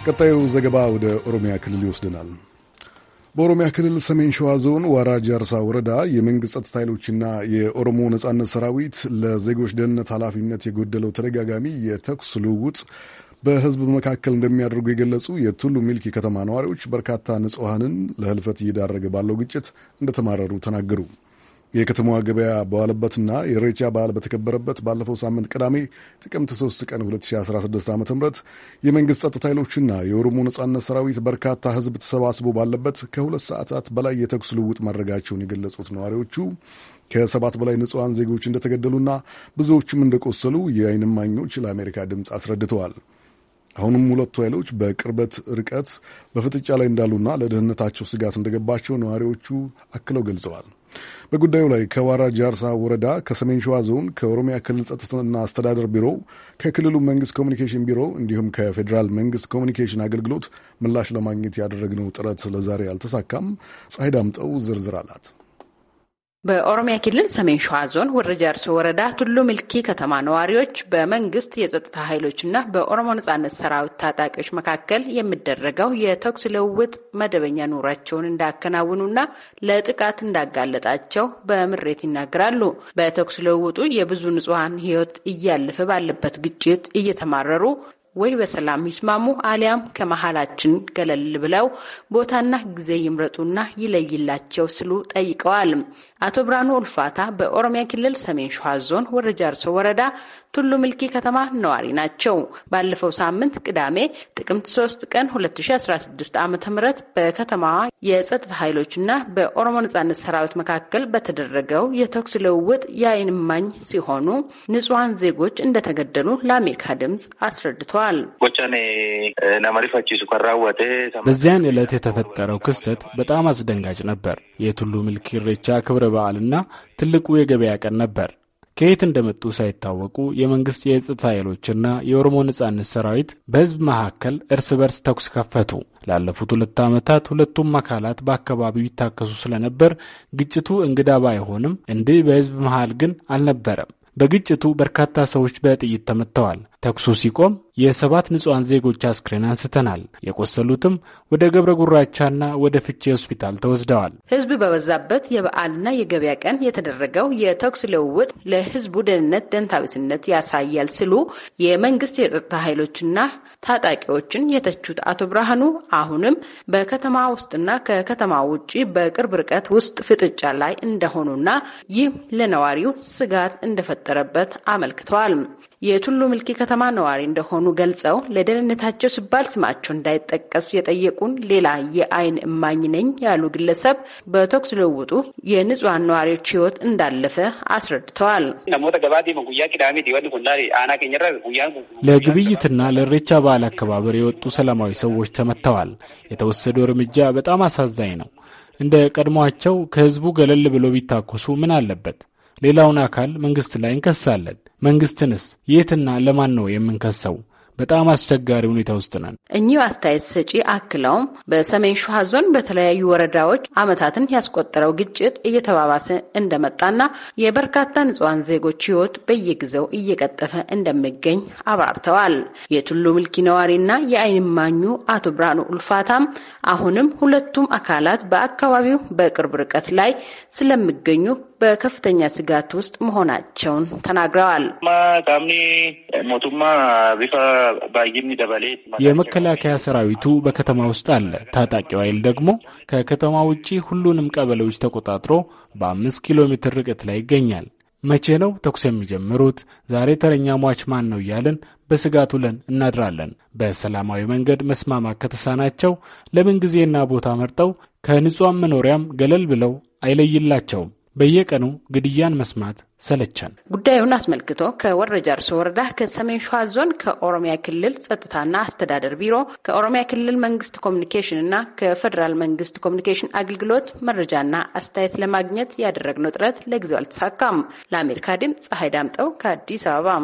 ቀጣዩ ዘገባ ወደ ኦሮሚያ ክልል ይወስደናል። በኦሮሚያ ክልል ሰሜን ሸዋ ዞን ዋራ ጃርሳ ወረዳ የመንግስት ጸጥታ ኃይሎችና የኦሮሞ ነጻነት ሰራዊት ለዜጎች ደህንነት ኃላፊነት የጎደለው ተደጋጋሚ የተኩስ ልውውጥ በህዝብ መካከል እንደሚያደርጉ የገለጹ የቱሉ ሚልክ ከተማ ነዋሪዎች በርካታ ንጹሐንን ለህልፈት እየዳረገ ባለው ግጭት እንደተማረሩ ተናገሩ። የከተማዋ ገበያ በዋለበትና የሬቻ በዓል በተከበረበት ባለፈው ሳምንት ቅዳሜ ጥቅምት 3 ቀን 2016 ዓ ም የመንግሥት ጸጥታ ኃይሎችና የኦሮሞ ነጻነት ሰራዊት በርካታ ሕዝብ ተሰባስቦ ባለበት ከሁለት ሰዓታት በላይ የተኩስ ልውውጥ ማድረጋቸውን የገለጹት ነዋሪዎቹ ከሰባት በላይ ንጹሐን ዜጎች እንደተገደሉና ብዙዎቹም እንደቆሰሉ የዓይን እማኞች ለአሜሪካ ድምፅ አስረድተዋል። አሁንም ሁለቱ ኃይሎች በቅርበት ርቀት በፍጥጫ ላይ እንዳሉና ለደህንነታቸው ስጋት እንደገባቸው ነዋሪዎቹ አክለው ገልጸዋል። በጉዳዩ ላይ ከዋራ ጃርሳ ወረዳ፣ ከሰሜን ሸዋ ዞን፣ ከኦሮሚያ ክልል ጸጥታና አስተዳደር ቢሮ፣ ከክልሉ መንግስት ኮሚኒኬሽን ቢሮ እንዲሁም ከፌዴራል መንግስት ኮሚኒኬሽን አገልግሎት ምላሽ ለማግኘት ያደረግነው ጥረት ለዛሬ አልተሳካም። ፀሐይ ዳምጠው ዝርዝር አላት። በኦሮሚያ ክልል ሰሜን ሸዋ ዞን ወረ ጃርሶ ወረዳ ቱሉ ምልኪ ከተማ ነዋሪዎች በመንግስት የጸጥታ ኃይሎችና በኦሮሞ ነጻነት ሰራዊት ታጣቂዎች መካከል የሚደረገው የተኩስ ልውውጥ መደበኛ ኑሯቸውን እንዳከናውኑና ለጥቃት እንዳጋለጣቸው በምሬት ይናገራሉ። በተኩስ ልውውጡ የብዙ ንጹሐን ህይወት እያለፈ ባለበት ግጭት እየተማረሩ ወይ በሰላም ይስማሙ አሊያም ከመሀላችን ገለል ብለው ቦታና ጊዜ ይምረጡና ይለይላቸው ስሉ ጠይቀዋል። አቶ ብርሃኑ ኡልፋታ በኦሮሚያ ክልል ሰሜን ሸዋ ዞን ጃርሶ ወረዳ ቱሉ ምልኪ ከተማ ነዋሪ ናቸው። ባለፈው ሳምንት ቅዳሜ ጥቅምት 3 ቀን 2016 ዓ ም በከተማዋ የጸጥታ ኃይሎችና በኦሮሞ ነጻነት ሰራዊት መካከል በተደረገው የተኩስ ልውውጥ የዓይን እማኝ ሲሆኑ ንጹሐን ዜጎች እንደተገደሉ ለአሜሪካ ድምፅ አስረድተዋል። በዚያን ዕለት የተፈጠረው ክስተት በጣም አስደንጋጭ ነበር። የቱሉ ምልክ ኢሬቻ ክብረ በዓልና ትልቁ የገበያ ቀን ነበር። ከየት እንደመጡ ሳይታወቁ የመንግስት የጸጥታ ኃይሎችና የኦሮሞ ነጻነት ሰራዊት በህዝብ መካከል እርስ በርስ ተኩስ ከፈቱ። ላለፉት ሁለት ዓመታት ሁለቱም አካላት በአካባቢው ይታከሱ ስለነበር ግጭቱ እንግዳ ባይሆንም እንዲህ በህዝብ መሃል ግን አልነበረም። በግጭቱ በርካታ ሰዎች በጥይት ተመትተዋል። ተኩሱ ሲቆም የሰባት ንጹሐን ዜጎች አስክሬን አንስተናል። የቆሰሉትም ወደ ገብረ ጉራቻና ወደ ፍቼ ሆስፒታል ተወስደዋል። ህዝብ በበዛበት የበዓልና የገበያ ቀን የተደረገው የተኩስ ልውውጥ ለህዝቡ ደህንነት ደንታቢስነት ያሳያል ሲሉ የመንግስት የጸጥታ ኃይሎችና ታጣቂዎችን የተቹት አቶ ብርሃኑ አሁንም በከተማ ውስጥና ከከተማ ውጭ በቅርብ ርቀት ውስጥ ፍጥጫ ላይ እንደሆኑና ይህም ለነዋሪው ስጋት እንደፈጠረበት አመልክተዋል። የቱሉ ምልኪ ከተማ ነዋሪ እንደሆኑ ገልጸው ለደህንነታቸው ሲባል ስማቸው እንዳይጠቀስ የጠየቁን ሌላ የአይን እማኝ ነኝ ያሉ ግለሰብ በተኩስ ልውውጡ የንጹሐን ነዋሪዎች ህይወት እንዳለፈ አስረድተዋል። ለግብይትና ለሬቻ በዓል አከባበር የወጡ ሰላማዊ ሰዎች ተመተዋል የተወሰደው እርምጃ በጣም አሳዛኝ ነው። እንደ ቀድሞቸው ከህዝቡ ገለል ብሎ ቢታኮሱ ምን አለበት? ሌላውን አካል መንግስት ላይ እንከሳለን። መንግስትንስ የትና ለማን ነው የምንከሰው? በጣም አስቸጋሪ ሁኔታ ውስጥ ነን። እኚህ አስተያየት ሰጪ አክለውም በሰሜን ሸዋ ዞን በተለያዩ ወረዳዎች ዓመታትን ያስቆጠረው ግጭት እየተባባሰ እንደመጣና የበርካታ ንጹሐን ዜጎች ህይወት በየጊዜው እየቀጠፈ እንደሚገኝ አብራርተዋል። የቱሉ ምልኪ ነዋሪና የዓይን እማኙ አቶ ብርሃኑ ኡልፋታም አሁንም ሁለቱም አካላት በአካባቢው በቅርብ ርቀት ላይ ስለሚገኙ በከፍተኛ ስጋት ውስጥ መሆናቸውን ተናግረዋል። የመከላከያ ሰራዊቱ በከተማ ውስጥ አለ። ታጣቂው ኃይል ደግሞ ከከተማ ውጪ ሁሉንም ቀበሌዎች ተቆጣጥሮ በአምስት ኪሎ ሜትር ርቀት ላይ ይገኛል። መቼ ነው ተኩስ የሚጀምሩት? ዛሬ ተረኛ ሟች ማን ነው እያለን በስጋት ውለን እናድራለን። በሰላማዊ መንገድ መስማማት ከተሳናቸው ለምን ጊዜና ቦታ መርጠው ከንጹሐን መኖሪያም ገለል ብለው አይለይላቸውም። በየቀኑ ግድያን መስማት ሰለቸን። ጉዳዩን አስመልክቶ ከወረ ጃርሶ ወረዳ፣ ከሰሜን ሸዋ ዞን፣ ከኦሮሚያ ክልል ጸጥታና አስተዳደር ቢሮ፣ ከኦሮሚያ ክልል መንግስት ኮሚኒኬሽን እና ከፌዴራል መንግስት ኮሚኒኬሽን አገልግሎት መረጃና አስተያየት ለማግኘት ያደረግነው ጥረት ለጊዜው አልተሳካም። ለአሜሪካ ድምፅ ፀሐይ ዳምጠው ከአዲስ አበባ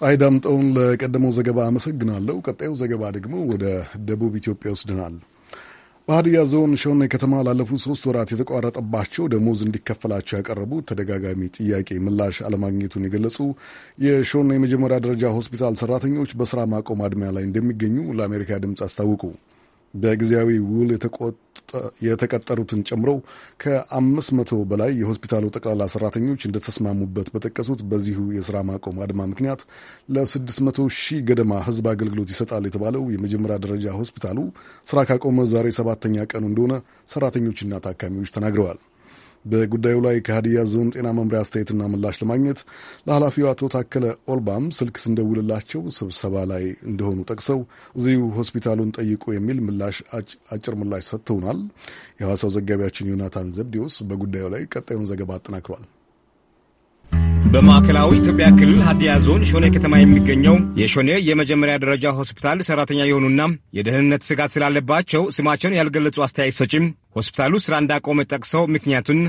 ፀሐይ ዳምጠውን ለቀደመው ዘገባ አመሰግናለሁ። ቀጣዩ ዘገባ ደግሞ ወደ ደቡብ ኢትዮጵያ ይወስድናል። በሀዲያ ዞን ሾኔ ከተማ ላለፉት ሶስት ወራት የተቋረጠባቸው ደሞዝ እንዲከፈላቸው ያቀረቡ ተደጋጋሚ ጥያቄ ምላሽ አለማግኘቱን የገለጹ የሾኔ የመጀመሪያ ደረጃ ሆስፒታል ሰራተኞች በስራ ማቆም አድማ ላይ እንደሚገኙ ለአሜሪካ ድምፅ አስታውቁ። በጊዜያዊ ውል የተቀጠሩትን ጨምሮ ከአምስት መቶ በላይ የሆስፒታሉ ጠቅላላ ሰራተኞች እንደተስማሙበት በጠቀሱት በዚሁ የስራ ማቆም አድማ ምክንያት ለስድስት መቶ ሺህ ገደማ ህዝብ አገልግሎት ይሰጣል የተባለው የመጀመሪያ ደረጃ ሆስፒታሉ ስራ ካቆመ ዛሬ ሰባተኛ ቀኑ እንደሆነ ሰራተኞችና ታካሚዎች ተናግረዋል። በጉዳዩ ላይ ከሀዲያ ዞን ጤና መምሪያ አስተያየትና ምላሽ ለማግኘት ለኃላፊው አቶ ታከለ ኦልባም ስልክ ስንደውልላቸው ስብሰባ ላይ እንደሆኑ ጠቅሰው እዚሁ ሆስፒታሉን ጠይቁ የሚል ምላሽ አጭር ምላሽ ሰጥተውናል። የሐዋሳው ዘጋቢያችን ዮናታን ዘብዴዎስ በጉዳዩ ላይ ቀጣዩን ዘገባ አጠናክሯል። በማዕከላዊ ኢትዮጵያ ክልል ሀዲያ ዞን ሾኔ ከተማ የሚገኘው የሾኔ የመጀመሪያ ደረጃ ሆስፒታል ሰራተኛ የሆኑና የደህንነት ስጋት ስላለባቸው ስማቸውን ያልገለጹ አስተያየት ሰጪም ሆስፒታሉ ስራ እንዳቆመ ጠቅሰው ምክንያቱን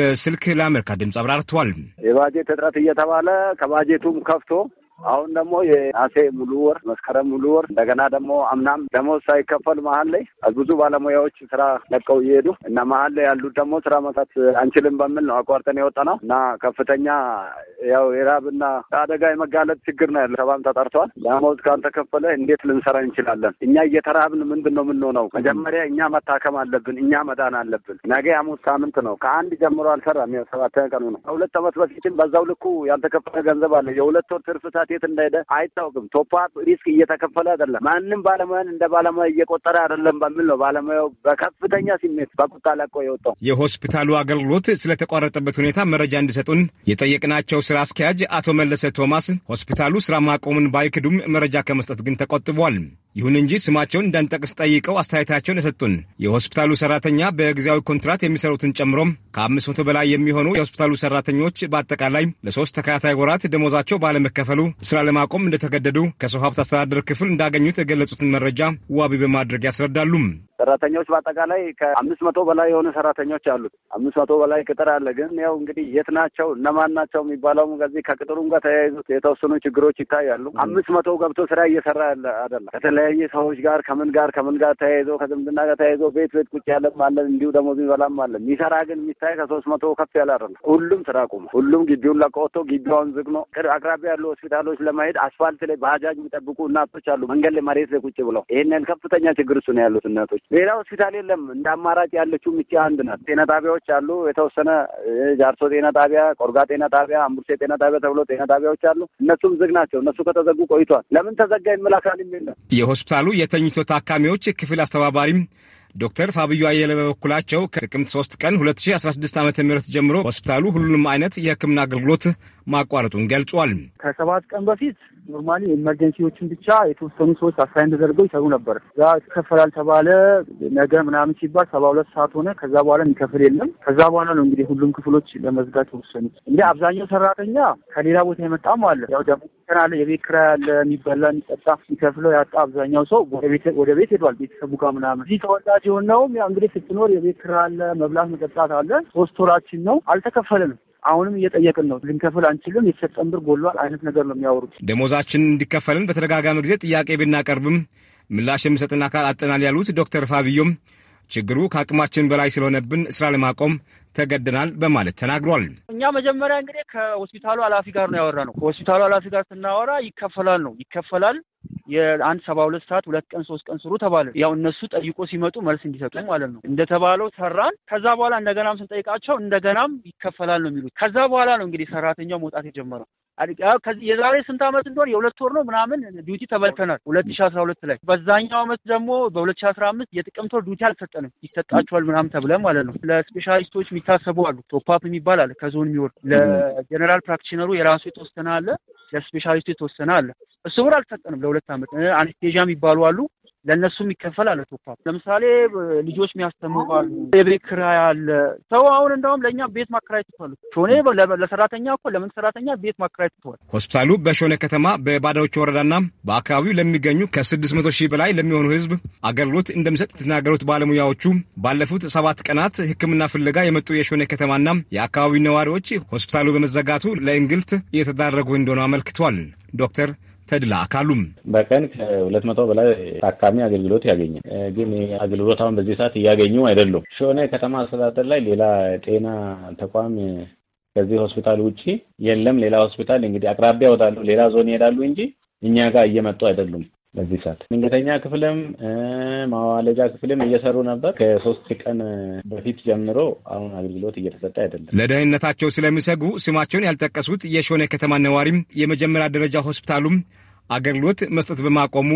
በስልክ ለአሜሪካ ድምፅ አብራርተዋል። የባጀት እጥረት እየተባለ ከባጀቱም ከፍቶ አሁን ደግሞ የአሴ ሙሉ ወር መስከረም ሙሉ ወር እንደገና ደግሞ አምናም ደሞዝ ሳይከፈል መሀል ላይ ብዙ ባለሙያዎች ስራ ለቀው እየሄዱ እና መሀል ላይ ያሉት ደግሞ ስራ መሳት አንችልም በሚል ነው አቋርጠን የወጣ ነው እና ከፍተኛ ያው የረሃብና አደጋ የመጋለጥ ችግር ነው ያለ። ሰባም ተጠርተዋል። ለአማውዝ ካልተከፈለ እንዴት ልንሰራ እንችላለን? እኛ እየተራብን ምንድን ነው የምንሆነው? መጀመሪያ እኛ መታከም አለብን። እኛ መዳን አለብን። ነገ ሐሙስ ሳምንት ነው። ከአንድ ጀምሮ አልሰራም። ሰባተኛ ቀኑ ነው። ከሁለት ዓመት በፊትም በዛው ልኩ ያልተከፈለ ገንዘብ አለ። የሁለት ወር ትርፍ ሰዓት የት እንደሄደ አይታወቅም። ቶፕ ሪስክ እየተከፈለ አይደለም። ማንም ባለሙያን እንደ ባለሙያ እየቆጠረ አይደለም በሚል ነው ባለሙያው በከፍተኛ ስሜት በቁጣ ለቆ የወጣው። የሆስፒታሉ አገልግሎት ስለተቋረጠበት ሁኔታ መረጃ እንዲሰጡን የጠየቅናቸው ስራ አስኪያጅ አቶ መለሰ ቶማስ ሆስፒታሉ ስራ ማቆሙን ባይክዱም መረጃ ከመስጠት ግን ተቆጥቧል። ይሁን እንጂ ስማቸውን እንዳንጠቅስ ጠይቀው አስተያየታቸውን የሰጡን የሆስፒታሉ ሰራተኛ በጊዜያዊ ኮንትራት የሚሰሩትን ጨምሮም ከአምስት መቶ በላይ የሚሆኑ የሆስፒታሉ ሰራተኞች በአጠቃላይ ለሶስት ተከታታይ ወራት ደሞዛቸው ባለመከፈሉ ስራ ለማቆም እንደተገደዱ ከሰው ሀብት አስተዳደር ክፍል እንዳገኙት የገለጹትን መረጃ ዋቢ በማድረግ ያስረዳሉ። ሰራተኞች በአጠቃላይ ከአምስት መቶ በላይ የሆኑ ሰራተኞች አሉት። አምስት መቶ በላይ ቅጥር አለ። ግን ያው እንግዲህ የት ናቸው እነማን ናቸው የሚባለውም ከዚህ ከቅጥሩም ጋር ተያይዙት የተወሰኑ ችግሮች ይታያሉ። አምስት መቶ ገብቶ ስራ እየሰራ ያለ አይደለም። ከተለያየ ሰዎች ጋር ከምን ጋር ከምን ጋር ተያይዞ ከዝምድና ጋር ተያይዞ ቤት ቤት ቁጭ ያለም አለን። እንዲሁ ደግሞ የሚበላም አለን። ሚሰራ ግን የሚታይ ከሶስት መቶ ከፍ ያለ አለ። ሁሉም ስራ ቁመ፣ ሁሉም ግቢውን ለቆ ግቢውን ዝግ አቅራቢ አቅራቢያ ያሉ ሆስፒታሎች ለማሄድ አስፋልት ላይ ባጃጅ የሚጠብቁ እናቶች አሉ። መንገድ ላይ መሬት ላይ ቁጭ ብለው ይህንን ከፍተኛ ችግር እሱ ነው ያሉት እናቶች። ሌላ ሆስፒታል የለም። እንደ አማራጭ ያለችው ምቺ አንድ ናት። ጤና ጣቢያዎች አሉ የተወሰነ ጃርሶ ጤና ጣቢያ፣ ቆርጋ ጤና ጣቢያ፣ አምቡርሴ ጤና ጣቢያ ተብሎ ጤና ጣቢያዎች አሉ። እነሱም ዝግ ናቸው። እነሱ ከተዘጉ ቆይቷል። ለምን ተዘጋ የምል አካል ነው በሆስፒታሉ የተኝቶ ታካሚዎች ክፍል አስተባባሪም ዶክተር ፋብዩ አየለ በበኩላቸው ከጥቅምት 3 ቀን 2016 ዓ ም ጀምሮ ሆስፒታሉ ሁሉንም አይነት የህክምና አገልግሎት ማቋረጡን ገልጿል። ከሰባት ቀን በፊት ኖርማሊ ኤመርጀንሲዎችን ብቻ የተወሰኑ ሰዎች አሳይን ተደርገው ይሰሩ ነበር። እዛ ይከፈላል ተባለ ነገ ምናምን ሲባል ሰባ ሁለት ሰዓት ሆነ። ከዛ በኋላ የሚከፍል የለም። ከዛ በኋላ ነው እንግዲህ ሁሉም ክፍሎች ለመዝጋት የወሰኑት። እንግዲህ አብዛኛው ሰራተኛ ከሌላ ቦታ የመጣም አለ። ያው ደግሞ አለ፣ የቤት ክራ ያለ የሚበላ የሚጠጣ የሚከፍለው ያጣ አብዛኛው ሰው ወደ ቤት ሄዷል። ቤተሰቡ ጋር ምናምን እዚህ ምክንያት የሆነውም ያ እንግዲህ ስትኖር የቤት ኪራይ አለ፣ መብላት መጠጣት አለ። ሶስት ወራችን ነው አልተከፈልንም። አሁንም እየጠየቅን ነው። ልንከፍል አንችልም፣ የተሰጠን ብር ጎሏል አይነት ነገር ነው የሚያወሩት። ደሞዛችን እንዲከፈልን በተደጋጋሚ ጊዜ ጥያቄ ብናቀርብም ምላሽ የሚሰጥን አካል አጠናል ያሉት ዶክተር ፋብዮም ችግሩ ከአቅማችን በላይ ስለሆነብን ስራ ለማቆም ተገደናል በማለት ተናግሯል። እኛ መጀመሪያ እንግዲህ ከሆስፒታሉ ኃላፊ ጋር ነው ያወራ ነው። ከሆስፒታሉ ኃላፊ ጋር ስናወራ ይከፈላል ነው ይከፈላል የአንድ ሰባ ሁለት ሰዓት ሁለት ቀን ሶስት ቀን ስሩ ተባለ። ያው እነሱ ጠይቆ ሲመጡ መልስ እንዲሰጡ ማለት ነው። እንደተባለው ሰራን። ከዛ በኋላ እንደገናም ስንጠይቃቸው እንደገናም ይከፈላል ነው የሚሉት። ከዛ በኋላ ነው እንግዲህ ሰራተኛው መውጣት የጀመረው። የዛሬ ስንት ዓመት እንደሆነ የሁለት ወር ነው ምናምን ዲዩቲ ተበልተናል፣ ሁለት ሺ አስራ ሁለት ላይ። በዛኛው ዓመት ደግሞ በሁለት ሺ አስራ አምስት የጥቅምት ወር ዲዩቲ አልሰጠንም፣ ይሰጣቸዋል ምናምን ተብለ ማለት ነው። ለስፔሻሊስቶች የሚታሰቡ አሉ፣ ቶፓፕ የሚባል አለ፣ ከዞን የሚወርድ ለጀነራል ፕራክቲሽነሩ የራሱ የተወሰነ አለ፣ ለስፔሻሊስቱ የተወሰነ አለ። እሱ ብር አልሰጠንም ለሁለት ዓመት። አንስቴዣ የሚባሉ አሉ፣ ለእነሱም ይከፈላል። ቶፓ ለምሳሌ ልጆች የሚያስተምሩ አሉ፣ የቤት ኪራይ አለ። ሰው አሁን እንደውም ለእኛ ቤት ማከራይ ትቷል። ሾኔ ለሰራተኛ እኮ ለምን ሰራተኛ ቤት ማከራይ ትቷል። ሆስፒታሉ በሾኔ ከተማ በባዳዎች ወረዳና በአካባቢው ለሚገኙ ከስድስት መቶ ሺህ በላይ ለሚሆኑ ህዝብ አገልግሎት እንደሚሰጥ የተናገሩት ባለሙያዎቹ ባለፉት ሰባት ቀናት ሕክምና ፍለጋ የመጡ የሾኔ ከተማና የአካባቢው ነዋሪዎች ሆስፒታሉ በመዘጋቱ ለእንግልት እየተዳረጉ እንደሆነ አመልክቷል ዶክተር ተድላ አካሉም በቀን ከሁለት መቶ በላይ ታካሚ አገልግሎት ያገኛል። ግን አገልግሎት አሁን በዚህ ሰዓት እያገኙ አይደሉም። ሾኔ ከተማ አስተዳደር ላይ ሌላ ጤና ተቋም ከዚህ ሆስፒታል ውጭ የለም። ሌላ ሆስፒታል እንግዲህ አቅራቢያ ወዳሉ ሌላ ዞን ይሄዳሉ እንጂ እኛ ጋር እየመጡ አይደሉም። በዚህ ሰዓት ድንገተኛ ክፍልም ማዋለጃ ክፍልም እየሰሩ ነበር። ከሶስት ቀን በፊት ጀምሮ አሁን አገልግሎት እየተሰጠ አይደለም። ለደህንነታቸው ስለሚሰጉ ስማቸውን ያልጠቀሱት የሾኔ ከተማ ነዋሪም የመጀመሪያ ደረጃ ሆስፒታሉም አገልግሎት መስጠት በማቆሙ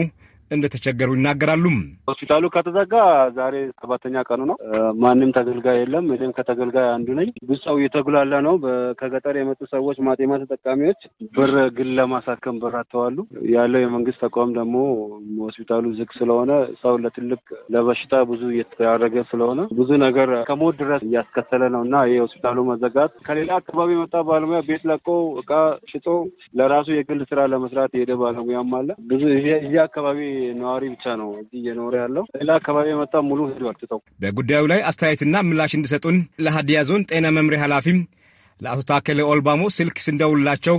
እንደተቸገሩ ይናገራሉ። ሆስፒታሉ ከተዘጋ ዛሬ ሰባተኛ ቀኑ ነው። ማንም ተገልጋይ የለም። እኔም ከተገልጋይ አንዱ ነኝ። ብዙ ሰው እየተጉላላ ነው። ከገጠር የመጡ ሰዎች ማጤማ ተጠቃሚዎች ብር ግን ለማሳከም ብር አተዋሉ ያለው የመንግስት ተቋም ደግሞ ሆስፒታሉ ዝግ ስለሆነ ሰው ለትልቅ ለበሽታ ብዙ እየተዳረገ ስለሆነ ብዙ ነገር ከሞት ድረስ እያስከተለ ነው እና ይህ ሆስፒታሉ መዘጋት ከሌላ አካባቢ የመጣ ባለሙያ ቤት ለቆ እቃ ሽጦ ለራሱ የግል ስራ ለመስራት የሄደ ባለሙያም አለ ብዙ እዚህ አካባቢ ነዋሪ ብቻ ነው እዚህ እየኖረ ያለው። ሌላ አካባቢ የመጣ ሙሉ ሄዷል ትተው። በጉዳዩ ላይ አስተያየትና ምላሽ እንዲሰጡን ለሀዲያ ዞን ጤና መምሪያ ኃላፊም ለአቶ ታከለ ኦልባሞ ስልክ ስንደውላቸው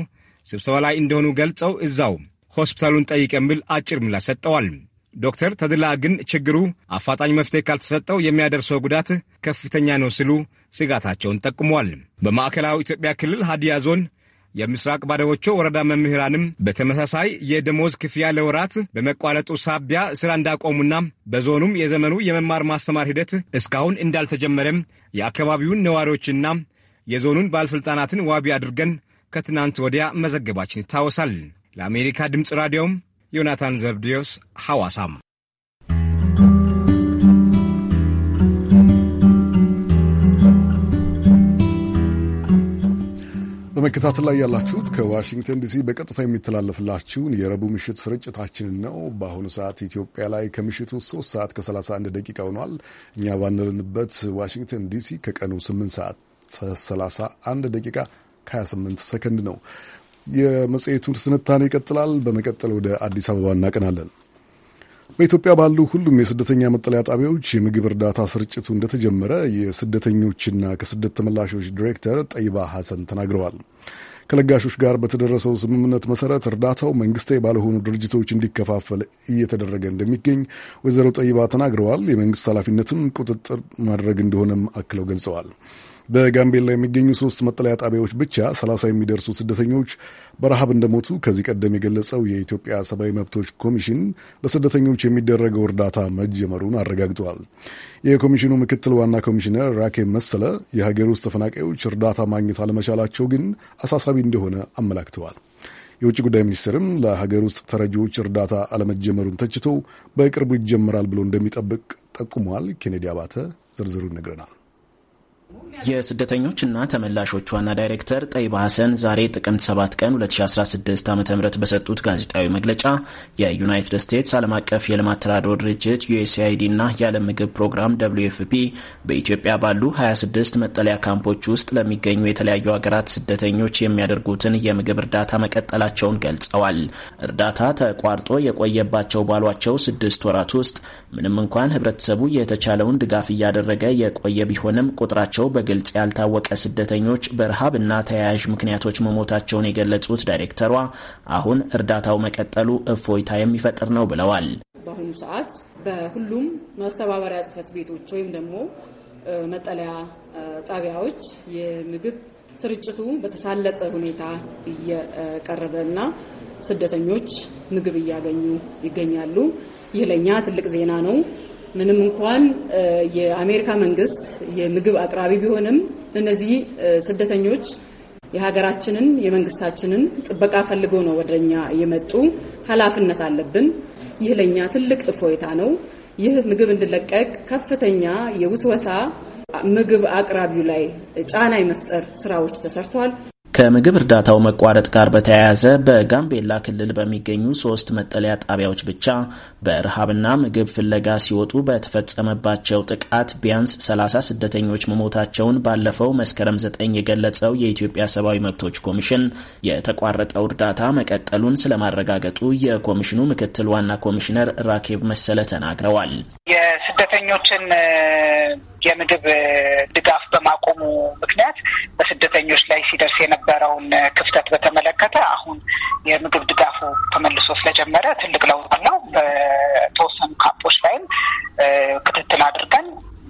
ስብሰባ ላይ እንደሆኑ ገልጸው እዛው ሆስፒታሉን ጠይቅ የሚል አጭር ምላሽ ሰጠዋል። ዶክተር ተድላ ግን ችግሩ አፋጣኝ መፍትሄ ካልተሰጠው የሚያደርሰው ጉዳት ከፍተኛ ነው ሲሉ ስጋታቸውን ጠቁመዋል። በማዕከላዊ ኢትዮጵያ ክልል ሀዲያ ዞን የምስራቅ ባደቦቾ ወረዳ መምህራንም በተመሳሳይ የደሞዝ ክፍያ ለወራት በመቋረጡ ሳቢያ ስራ እንዳቆሙና በዞኑም የዘመኑ የመማር ማስተማር ሂደት እስካሁን እንዳልተጀመረም የአካባቢውን ነዋሪዎችና የዞኑን ባለሥልጣናትን ዋቢ አድርገን ከትናንት ወዲያ መዘገባችን ይታወሳል። ለአሜሪካ ድምፅ ራዲዮም ዮናታን ዘብዴዎስ ሐዋሳም በመከታተል ላይ ያላችሁት ከዋሽንግተን ዲሲ በቀጥታ የሚተላለፍላችሁን የረቡዕ ምሽት ስርጭታችንን ነው። በአሁኑ ሰዓት ኢትዮጵያ ላይ ከምሽቱ 3 ሰዓት ከ31 ደቂቃ ሆኗል። እኛ ባለንበት ዋሽንግተን ዲሲ ከቀኑ 8 ሰዓት 31 ደቂቃ ከ28 ሰከንድ ነው። የመጽሔቱን ትንታኔ ይቀጥላል። በመቀጠል ወደ አዲስ አበባ እናቀናለን። በኢትዮጵያ ባሉ ሁሉም የስደተኛ መጠለያ ጣቢያዎች የምግብ እርዳታ ስርጭቱ እንደተጀመረ የስደተኞችና ከስደት ተመላሾች ዲሬክተር ጠይባ ሐሰን ተናግረዋል። ከለጋሾች ጋር በተደረሰው ስምምነት መሰረት እርዳታው መንግስታዊ ባለሆኑ ድርጅቶች እንዲከፋፈል እየተደረገ እንደሚገኝ ወይዘሮ ጠይባ ተናግረዋል። የመንግስት ኃላፊነትም ቁጥጥር ማድረግ እንደሆነም አክለው ገልጸዋል። በጋምቤላ የሚገኙ ሶስት መጠለያ ጣቢያዎች ብቻ ሰላሳ የሚደርሱ ስደተኞች በረሃብ እንደሞቱ ከዚህ ቀደም የገለጸው የኢትዮጵያ ሰብአዊ መብቶች ኮሚሽን ለስደተኞች የሚደረገው እርዳታ መጀመሩን አረጋግጧል። የኮሚሽኑ ምክትል ዋና ኮሚሽነር ራኬብ መሰለ የሀገር ውስጥ ተፈናቃዮች እርዳታ ማግኘት አለመቻላቸው ግን አሳሳቢ እንደሆነ አመላክተዋል። የውጭ ጉዳይ ሚኒስትርም ለሀገር ውስጥ ተረጂዎች እርዳታ አለመጀመሩን ተችቶ በቅርቡ ይጀምራል ብሎ እንደሚጠብቅ ጠቁሟል። ኬኔዲ አባተ ዝርዝሩ ይነግረናል። የስደተኞችና ተመላሾች ዋና ዳይሬክተር ጠይባ ሀሰን ዛሬ ጥቅምት 7 ቀን 2016 ዓ ም በሰጡት ጋዜጣዊ መግለጫ የዩናይትድ ስቴትስ ዓለም አቀፍ የልማት ተራድኦ ድርጅት ዩኤስአይዲ እና የዓለም ምግብ ፕሮግራም ደብልዩ ኤፍፒ በኢትዮጵያ ባሉ 26 መጠለያ ካምፖች ውስጥ ለሚገኙ የተለያዩ ሀገራት ስደተኞች የሚያደርጉትን የምግብ እርዳታ መቀጠላቸውን ገልጸዋል። እርዳታ ተቋርጦ የቆየባቸው ባሏቸው ስድስት ወራት ውስጥ ምንም እንኳን ህብረተሰቡ የተቻለውን ድጋፍ እያደረገ የቆየ ቢሆንም ቁጥራቸው ቁጥራቸው በግልጽ ያልታወቀ ስደተኞች በረሃብና ተያያዥ ምክንያቶች መሞታቸውን የገለጹት ዳይሬክተሯ አሁን እርዳታው መቀጠሉ እፎይታ የሚፈጥር ነው ብለዋል። በአሁኑ ሰዓት በሁሉም ማስተባበሪያ ጽፈት ቤቶች ወይም ደግሞ መጠለያ ጣቢያዎች የምግብ ስርጭቱ በተሳለጠ ሁኔታ እየቀረበ እና ስደተኞች ምግብ እያገኙ ይገኛሉ። ይህ ለእኛ ትልቅ ዜና ነው። ምንም እንኳን የአሜሪካ መንግስት የምግብ አቅራቢ ቢሆንም እነዚህ ስደተኞች የሀገራችንን የመንግስታችንን ጥበቃ ፈልገው ነው ወደኛ የመጡ። ኃላፊነት አለብን። ይህ ለእኛ ትልቅ እፎይታ ነው። ይህ ምግብ እንዲለቀቅ ከፍተኛ የውትወታ ምግብ አቅራቢው ላይ ጫና የመፍጠር ስራዎች ተሰርተዋል። ከምግብ እርዳታው መቋረጥ ጋር በተያያዘ በጋምቤላ ክልል በሚገኙ ሶስት መጠለያ ጣቢያዎች ብቻ በረሃብና ምግብ ፍለጋ ሲወጡ በተፈጸመባቸው ጥቃት ቢያንስ 30 ስደተኞች መሞታቸውን ባለፈው መስከረም 9 የገለጸው የኢትዮጵያ ሰብአዊ መብቶች ኮሚሽን የተቋረጠው እርዳታ መቀጠሉን ስለማረጋገጡ የኮሚሽኑ ምክትል ዋና ኮሚሽነር ራኬብ መሰለ ተናግረዋል። የስደተኞችን የምግብ ድጋፍ በማቆሙ ምክንያት በስደተኞች ላይ ሲደርስ የነበረውን ክፍተት በተመለከተ አሁን የምግብ ድጋፉ ተመልሶ ስለጀመረ ትልቅ ለውጥ አለው። በተወሰኑ ካምፖች ላይም ክትትል አድርገን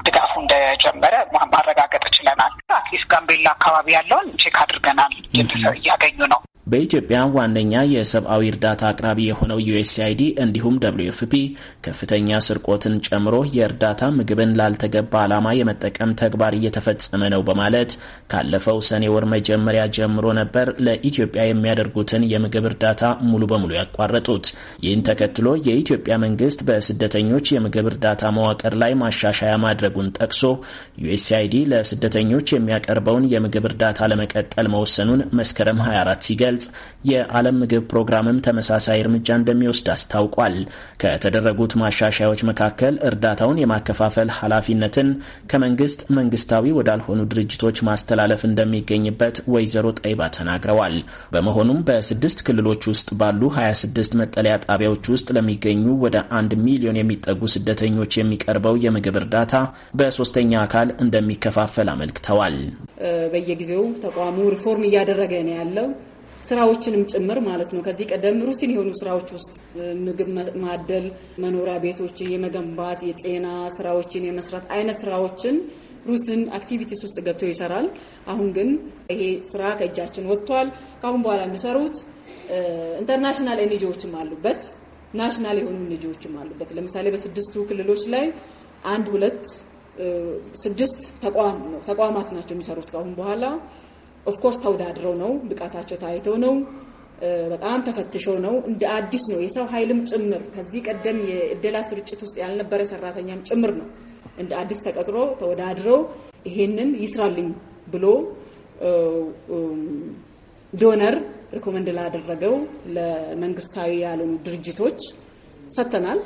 ድጋፉ እንደጀመረ ማረጋገጥ ችለናል። አትሊስት ጋምቤላ አካባቢ ያለውን ቼክ አድርገናል። እያገኙ ነው። በኢትዮጵያ ዋነኛ የሰብአዊ እርዳታ አቅራቢ የሆነው ዩኤስአይዲ እንዲሁም ደብሊው ኤፍፒ ከፍተኛ ስርቆትን ጨምሮ የእርዳታ ምግብን ላልተገባ ዓላማ የመጠቀም ተግባር እየተፈጸመ ነው በማለት ካለፈው ሰኔ ወር መጀመሪያ ጀምሮ ነበር ለኢትዮጵያ የሚያደርጉትን የምግብ እርዳታ ሙሉ በሙሉ ያቋረጡት። ይህን ተከትሎ የኢትዮጵያ መንግስት በስደተኞች የምግብ እርዳታ መዋቅር ላይ ማሻሻያ ማድረጉን ጠቅሶ ዩኤስአይዲ ለስደተኞች የሚያቀርበውን የምግብ እርዳታ ለመቀጠል መወሰኑን መስከረም 24 ሲገል። ሲገልጽ የዓለም ምግብ ፕሮግራምም ተመሳሳይ እርምጃ እንደሚወስድ አስታውቋል። ከተደረጉት ማሻሻያዎች መካከል እርዳታውን የማከፋፈል ኃላፊነትን ከመንግስት መንግስታዊ ወዳልሆኑ ድርጅቶች ማስተላለፍ እንደሚገኝበት ወይዘሮ ጠይባ ተናግረዋል። በመሆኑም በስድስት ክልሎች ውስጥ ባሉ 26 መጠለያ ጣቢያዎች ውስጥ ለሚገኙ ወደ አንድ ሚሊዮን የሚጠጉ ስደተኞች የሚቀርበው የምግብ እርዳታ በሶስተኛ አካል እንደሚከፋፈል አመልክተዋል። በየጊዜው ተቋሙ ሪፎርም እያደረገ ነው ያለው ስራዎችንም ጭምር ማለት ነው። ከዚህ ቀደም ሩቲን የሆኑ ስራዎች ውስጥ ምግብ ማደል፣ መኖሪያ ቤቶችን የመገንባት፣ የጤና ስራዎችን የመስራት አይነት ስራዎችን ሩትን አክቲቪቲስ ውስጥ ገብቶ ይሰራል። አሁን ግን ይሄ ስራ ከእጃችን ወጥቷል። ከአሁን በኋላ የሚሰሩት ኢንተርናሽናል ኤንጂዎችም አሉበት፣ ናሽናል የሆኑ ኤንጂዎችም አሉበት። ለምሳሌ በስድስቱ ክልሎች ላይ አንድ ሁለት ስድስት ተቋም ነው ተቋማት ናቸው የሚሰሩት ከአሁን በኋላ ኦፍኮርስ ተወዳድረው ነው፣ ብቃታቸው ታይተው ነው፣ በጣም ተፈትሾ ነው። እንደ አዲስ ነው፣ የሰው ኃይልም ጭምር ከዚህ ቀደም የእደላ ስርጭት ውስጥ ያልነበረ ሰራተኛም ጭምር ነው። እንደ አዲስ ተቀጥሮ ተወዳድረው ይሄንን ይስራልኝ ብሎ ዶነር ሪኮመንድ ላደረገው ለመንግስታዊ ያልሆኑ ድርጅቶች ሰጥተናል።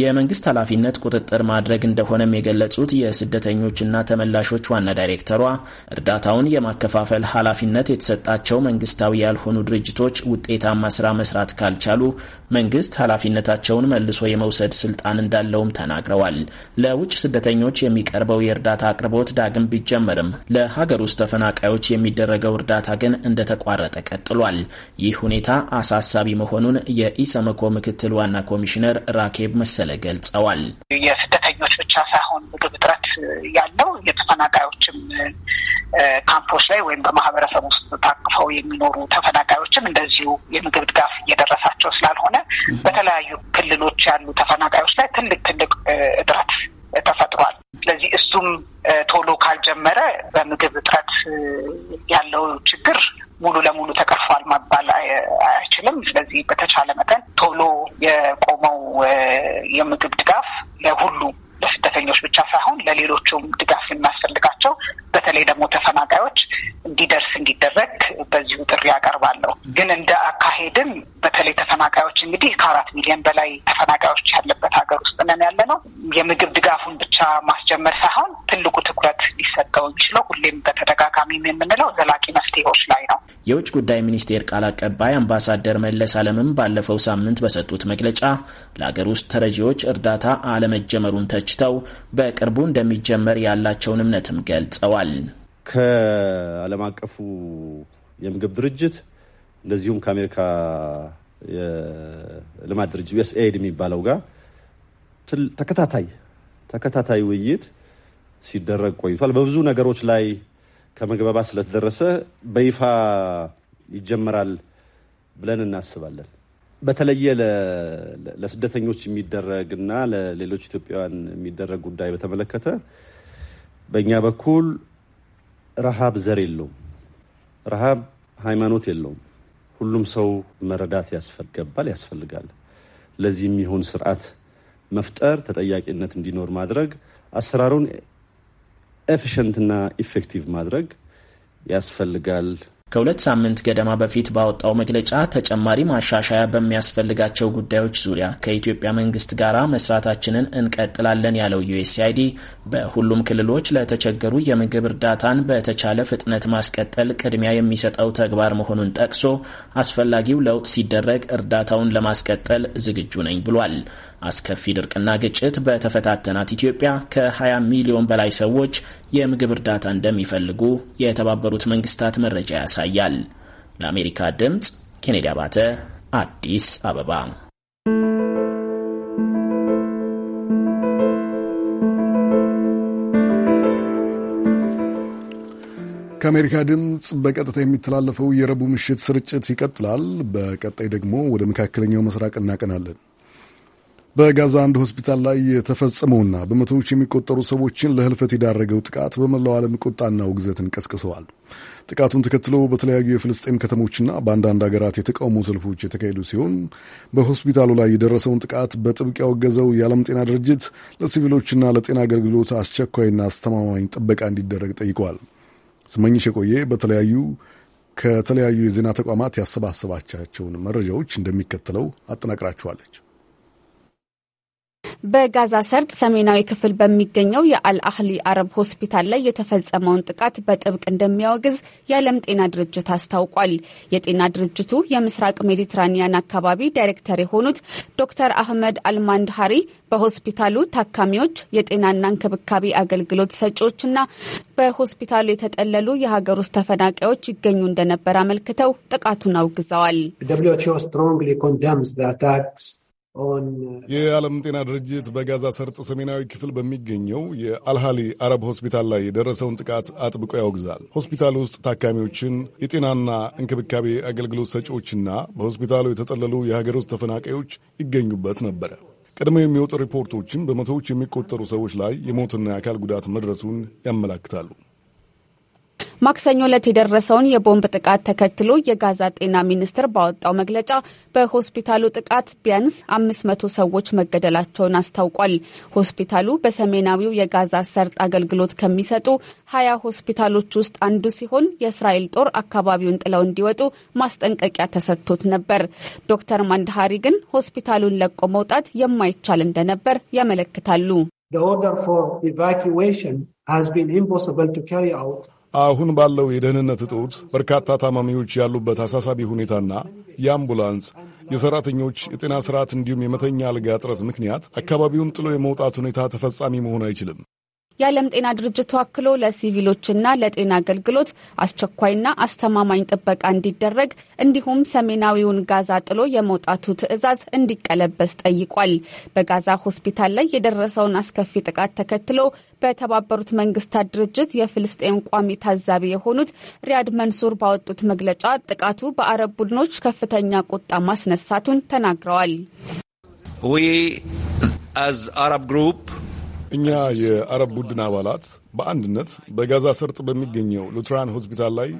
የመንግስት ኃላፊነት ቁጥጥር ማድረግ እንደሆነም የገለጹት የስደተኞችና ተመላሾች ዋና ዳይሬክተሯ እርዳታውን የማከፋፈል ኃላፊነት የተሰጣቸው መንግስታዊ ያልሆኑ ድርጅቶች ውጤታማ ስራ መስራት ካልቻሉ መንግስት ኃላፊነታቸውን መልሶ የመውሰድ ስልጣን እንዳለውም ተናግረዋል። ለውጭ ስደተኞች የሚቀርበው የእርዳታ አቅርቦት ዳግም ቢጀመርም ለሀገር ውስጥ ተፈናቃዮች የሚደረገው እርዳታ ግን እንደተቋረጠ ቀጥሏል። ይህ ሁኔታ አሳሳቢ መሆኑን የኢሰመኮ ምክትል ዋና ኮሚሽነር ራኬብ መስ መሰለ ገልጸዋል። የስደተኞች ብቻ ሳይሆን ምግብ እጥረት ያለው የተፈናቃዮችም ካምፖች ላይ ወይም በማህበረሰብ ውስጥ ታቅፈው የሚኖሩ ተፈናቃዮችም እንደዚሁ የምግብ ድጋፍ እየደረሳቸው ስላልሆነ በተለያዩ ክልሎች ያሉ ተፈናቃዮች ላይ ትልቅ ትልቅ እጥረት ተፈጥሯል። ስለዚህ እሱም ቶሎ ካልጀመረ በምግብ እጥረት ያለው ችግር ሙሉ ለሙሉ ተቀርፏል መባል አይችልም። ስለዚህ በተቻለ መጠን ቶሎ የቆመው የምግብ ድጋፍ ለሁሉ ለስደተኞች ብቻ ሳይሆን ለሌሎቹም ድጋፍ የሚያስፈልጋቸው በተለይ ደግሞ ተፈናቃዮች እንዲደርስ እንዲደረግ በዚሁ ጥሪ ያቀርባለሁ። ግን እንደ አካሄድም በተለይ ተፈናቃዮች እንግዲህ ከአራት ሚሊዮን በላይ ተፈናቃዮች ያለበት ሀገር ውስጥ ነን ያለ ነው። የምግብ ድጋፉን ብቻ ማስጀመር ሳይሆን ትልቁ ትኩረት ሊሰጠው የሚችለው ሁሌም በተደጋጋሚ የምንለው ዘላቂ መፍትሄዎች ላይ ነው። የውጭ ጉዳይ ሚኒስቴር ቃል አቀባይ አምባሳደር መለስ አለምም ባለፈው ሳምንት በሰጡት መግለጫ ለሀገር ውስጥ ተረጂዎች እርዳታ አለመጀመሩን ተችተው በቅርቡ እንደሚጀመር ያላቸውን እምነትም ገልጸዋል። ከዓለም አቀፉ የምግብ ድርጅት እንደዚሁም ከአሜሪካ የልማት ድርጅት ዩኤስኤድ የሚባለው ጋር ተከታታይ ተከታታይ ውይይት ሲደረግ ቆይቷል። በብዙ ነገሮች ላይ ከመግባባት ስለተደረሰ በይፋ ይጀመራል ብለን እናስባለን። በተለየ ለስደተኞች የሚደረግ እና ለሌሎች ኢትዮጵያውያን የሚደረግ ጉዳይ በተመለከተ በእኛ በኩል ረሃብ ዘር የለውም፣ ረሃብ ሃይማኖት የለውም። ሁሉም ሰው መረዳት ያስፈልገባል ያስፈልጋል። ለዚህ የሚሆን ስርዓት መፍጠር፣ ተጠያቂነት እንዲኖር ማድረግ፣ አሰራሩን ኤፊሽንትና ኢፌክቲቭ ማድረግ ያስፈልጋል ከሁለት ሳምንት ገደማ በፊት ባወጣው መግለጫ ተጨማሪ ማሻሻያ በሚያስፈልጋቸው ጉዳዮች ዙሪያ ከኢትዮጵያ መንግስት ጋር መስራታችንን እንቀጥላለን ያለው ዩኤስአይዲ በሁሉም ክልሎች ለተቸገሩ የምግብ እርዳታን በተቻለ ፍጥነት ማስቀጠል ቅድሚያ የሚሰጠው ተግባር መሆኑን ጠቅሶ አስፈላጊው ለውጥ ሲደረግ እርዳታውን ለማስቀጠል ዝግጁ ነኝ ብሏል። አስከፊ ድርቅና ግጭት በተፈታተናት ኢትዮጵያ ከ20 ሚሊዮን በላይ ሰዎች የምግብ እርዳታ እንደሚፈልጉ የተባበሩት መንግስታት መረጃ ያሳያል። ለአሜሪካ ድምፅ ኬኔዲ አባተ አዲስ አበባ። ከአሜሪካ ድምፅ በቀጥታ የሚተላለፈው የረቡዕ ምሽት ስርጭት ይቀጥላል። በቀጣይ ደግሞ ወደ መካከለኛው መስራቅ እናቀናለን። በጋዛ አንድ ሆስፒታል ላይ የተፈጸመውና በመቶዎች የሚቆጠሩ ሰዎችን ለህልፈት የዳረገው ጥቃት በመላው ዓለም ቁጣና ውግዘትን ቀስቅሰዋል። ጥቃቱን ተከትሎ በተለያዩ የፍልስጤም ከተሞችና በአንዳንድ ሀገራት የተቃውሞ ሰልፎች የተካሄዱ ሲሆን በሆስፒታሉ ላይ የደረሰውን ጥቃት በጥብቅ ያወገዘው የዓለም ጤና ድርጅት ለሲቪሎችና ለጤና አገልግሎት አስቸኳይና አስተማማኝ ጥበቃ እንዲደረግ ጠይቋል። ስመኝሽ የቆየ በተለያዩ ከተለያዩ የዜና ተቋማት ያሰባሰባቻቸውን መረጃዎች እንደሚከተለው አጠናቅራችኋለች። በጋዛ ሰርጥ ሰሜናዊ ክፍል በሚገኘው የአልአህሊ አረብ ሆስፒታል ላይ የተፈጸመውን ጥቃት በጥብቅ እንደሚያወግዝ የዓለም ጤና ድርጅት አስታውቋል። የጤና ድርጅቱ የምስራቅ ሜዲትራኒያን አካባቢ ዳይሬክተር የሆኑት ዶክተር አህመድ አልማንድሃሪ በሆስፒታሉ ታካሚዎች፣ የጤናና እንክብካቤ አገልግሎት ሰጪዎችና በሆስፒታሉ የተጠለሉ የሀገር ውስጥ ተፈናቃዮች ይገኙ እንደነበር አመልክተው ጥቃቱን አውግዘዋል። የዓለም ጤና ድርጅት በጋዛ ሰርጥ ሰሜናዊ ክፍል በሚገኘው የአልሃሊ አረብ ሆስፒታል ላይ የደረሰውን ጥቃት አጥብቆ ያወግዛል። ሆስፒታል ውስጥ ታካሚዎችን፣ የጤናና እንክብካቤ አገልግሎት ሰጪዎችና በሆስፒታሉ የተጠለሉ የሀገር ውስጥ ተፈናቃዮች ይገኙበት ነበረ። ቀድሞ የሚወጡ ሪፖርቶችን በመቶዎች የሚቆጠሩ ሰዎች ላይ የሞትና የአካል ጉዳት መድረሱን ያመላክታሉ። ማክሰኞ ዕለት የደረሰውን የቦምብ ጥቃት ተከትሎ የጋዛ ጤና ሚኒስቴር ባወጣው መግለጫ በሆስፒታሉ ጥቃት ቢያንስ አምስት መቶ ሰዎች መገደላቸውን አስታውቋል። ሆስፒታሉ በሰሜናዊው የጋዛ ሰርጥ አገልግሎት ከሚሰጡ ሀያ ሆስፒታሎች ውስጥ አንዱ ሲሆን የእስራኤል ጦር አካባቢውን ጥለው እንዲወጡ ማስጠንቀቂያ ተሰጥቶት ነበር። ዶክተር ማንድሃሪ ግን ሆስፒታሉን ለቆ መውጣት የማይቻል እንደነበር ያመለክታሉ። The order for evacuation has been impossible to carry out አሁን ባለው የደህንነት እጦት በርካታ ታማሚዎች ያሉበት አሳሳቢ ሁኔታና የአምቡላንስ የሰራተኞች የጤና ስርዓት እንዲሁም የመተኛ አልጋ እጥረት ምክንያት አካባቢውን ጥሎ የመውጣት ሁኔታ ተፈጻሚ መሆን አይችልም። የዓለም ጤና ድርጅት አክሎ ለሲቪሎችና ለጤና አገልግሎት አስቸኳይና አስተማማኝ ጥበቃ እንዲደረግ እንዲሁም ሰሜናዊውን ጋዛ ጥሎ የመውጣቱ ትዕዛዝ እንዲቀለበስ ጠይቋል። በጋዛ ሆስፒታል ላይ የደረሰውን አስከፊ ጥቃት ተከትሎ በተባበሩት መንግስታት ድርጅት የፍልስጤም ቋሚ ታዛቢ የሆኑት ሪያድ መንሱር ባወጡት መግለጫ ጥቃቱ በአረብ ቡድኖች ከፍተኛ ቁጣ ማስነሳቱን ተናግረዋል። አዝ አረብ ግሩፕ እኛ የአረብ ቡድን አባላት በአንድነት በጋዛ ሰርጥ በሚገኘው ሉትራን ሆስፒታል ላይ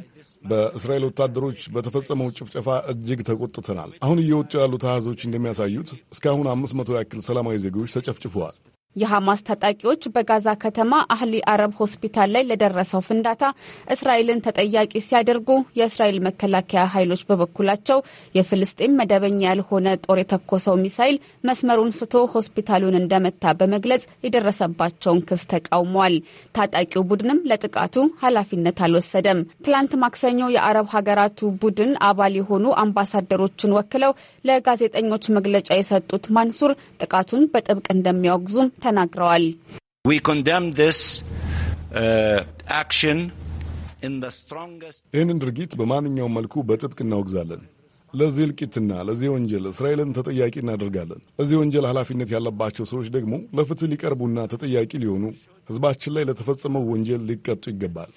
በእስራኤል ወታደሮች በተፈጸመው ጭፍጨፋ እጅግ ተቆጥተናል። አሁን እየወጡ ያሉት አሃዞች እንደሚያሳዩት እስካሁን አምስት መቶ ያክል ሰላማዊ ዜጎች ተጨፍጭፈዋል። የሐማስ ታጣቂዎች በጋዛ ከተማ አህሊ አረብ ሆስፒታል ላይ ለደረሰው ፍንዳታ እስራኤልን ተጠያቂ ሲያደርጉ የእስራኤል መከላከያ ኃይሎች በበኩላቸው የፍልስጤም መደበኛ ያልሆነ ጦር የተኮሰው ሚሳይል መስመሩን ስቶ ሆስፒታሉን እንደመታ በመግለጽ የደረሰባቸውን ክስ ተቃውመዋል። ታጣቂው ቡድንም ለጥቃቱ ኃላፊነት አልወሰደም። ትላንት ማክሰኞ የአረብ ሀገራቱ ቡድን አባል የሆኑ አምባሳደሮችን ወክለው ለጋዜጠኞች መግለጫ የሰጡት ማንሱር ጥቃቱን በጥብቅ እንደሚያወግዙም ተናግረዋል። uh, ይህንን ድርጊት በማንኛውም መልኩ በጥብቅ እናወግዛለን። ለዚህ እልቂትና ለዚህ ወንጀል እስራኤልን ተጠያቂ እናደርጋለን። ለዚህ ወንጀል ኃላፊነት ያለባቸው ሰዎች ደግሞ ለፍትህ ሊቀርቡና ተጠያቂ ሊሆኑ፣ ሕዝባችን ላይ ለተፈጸመው ወንጀል ሊቀጡ ይገባል።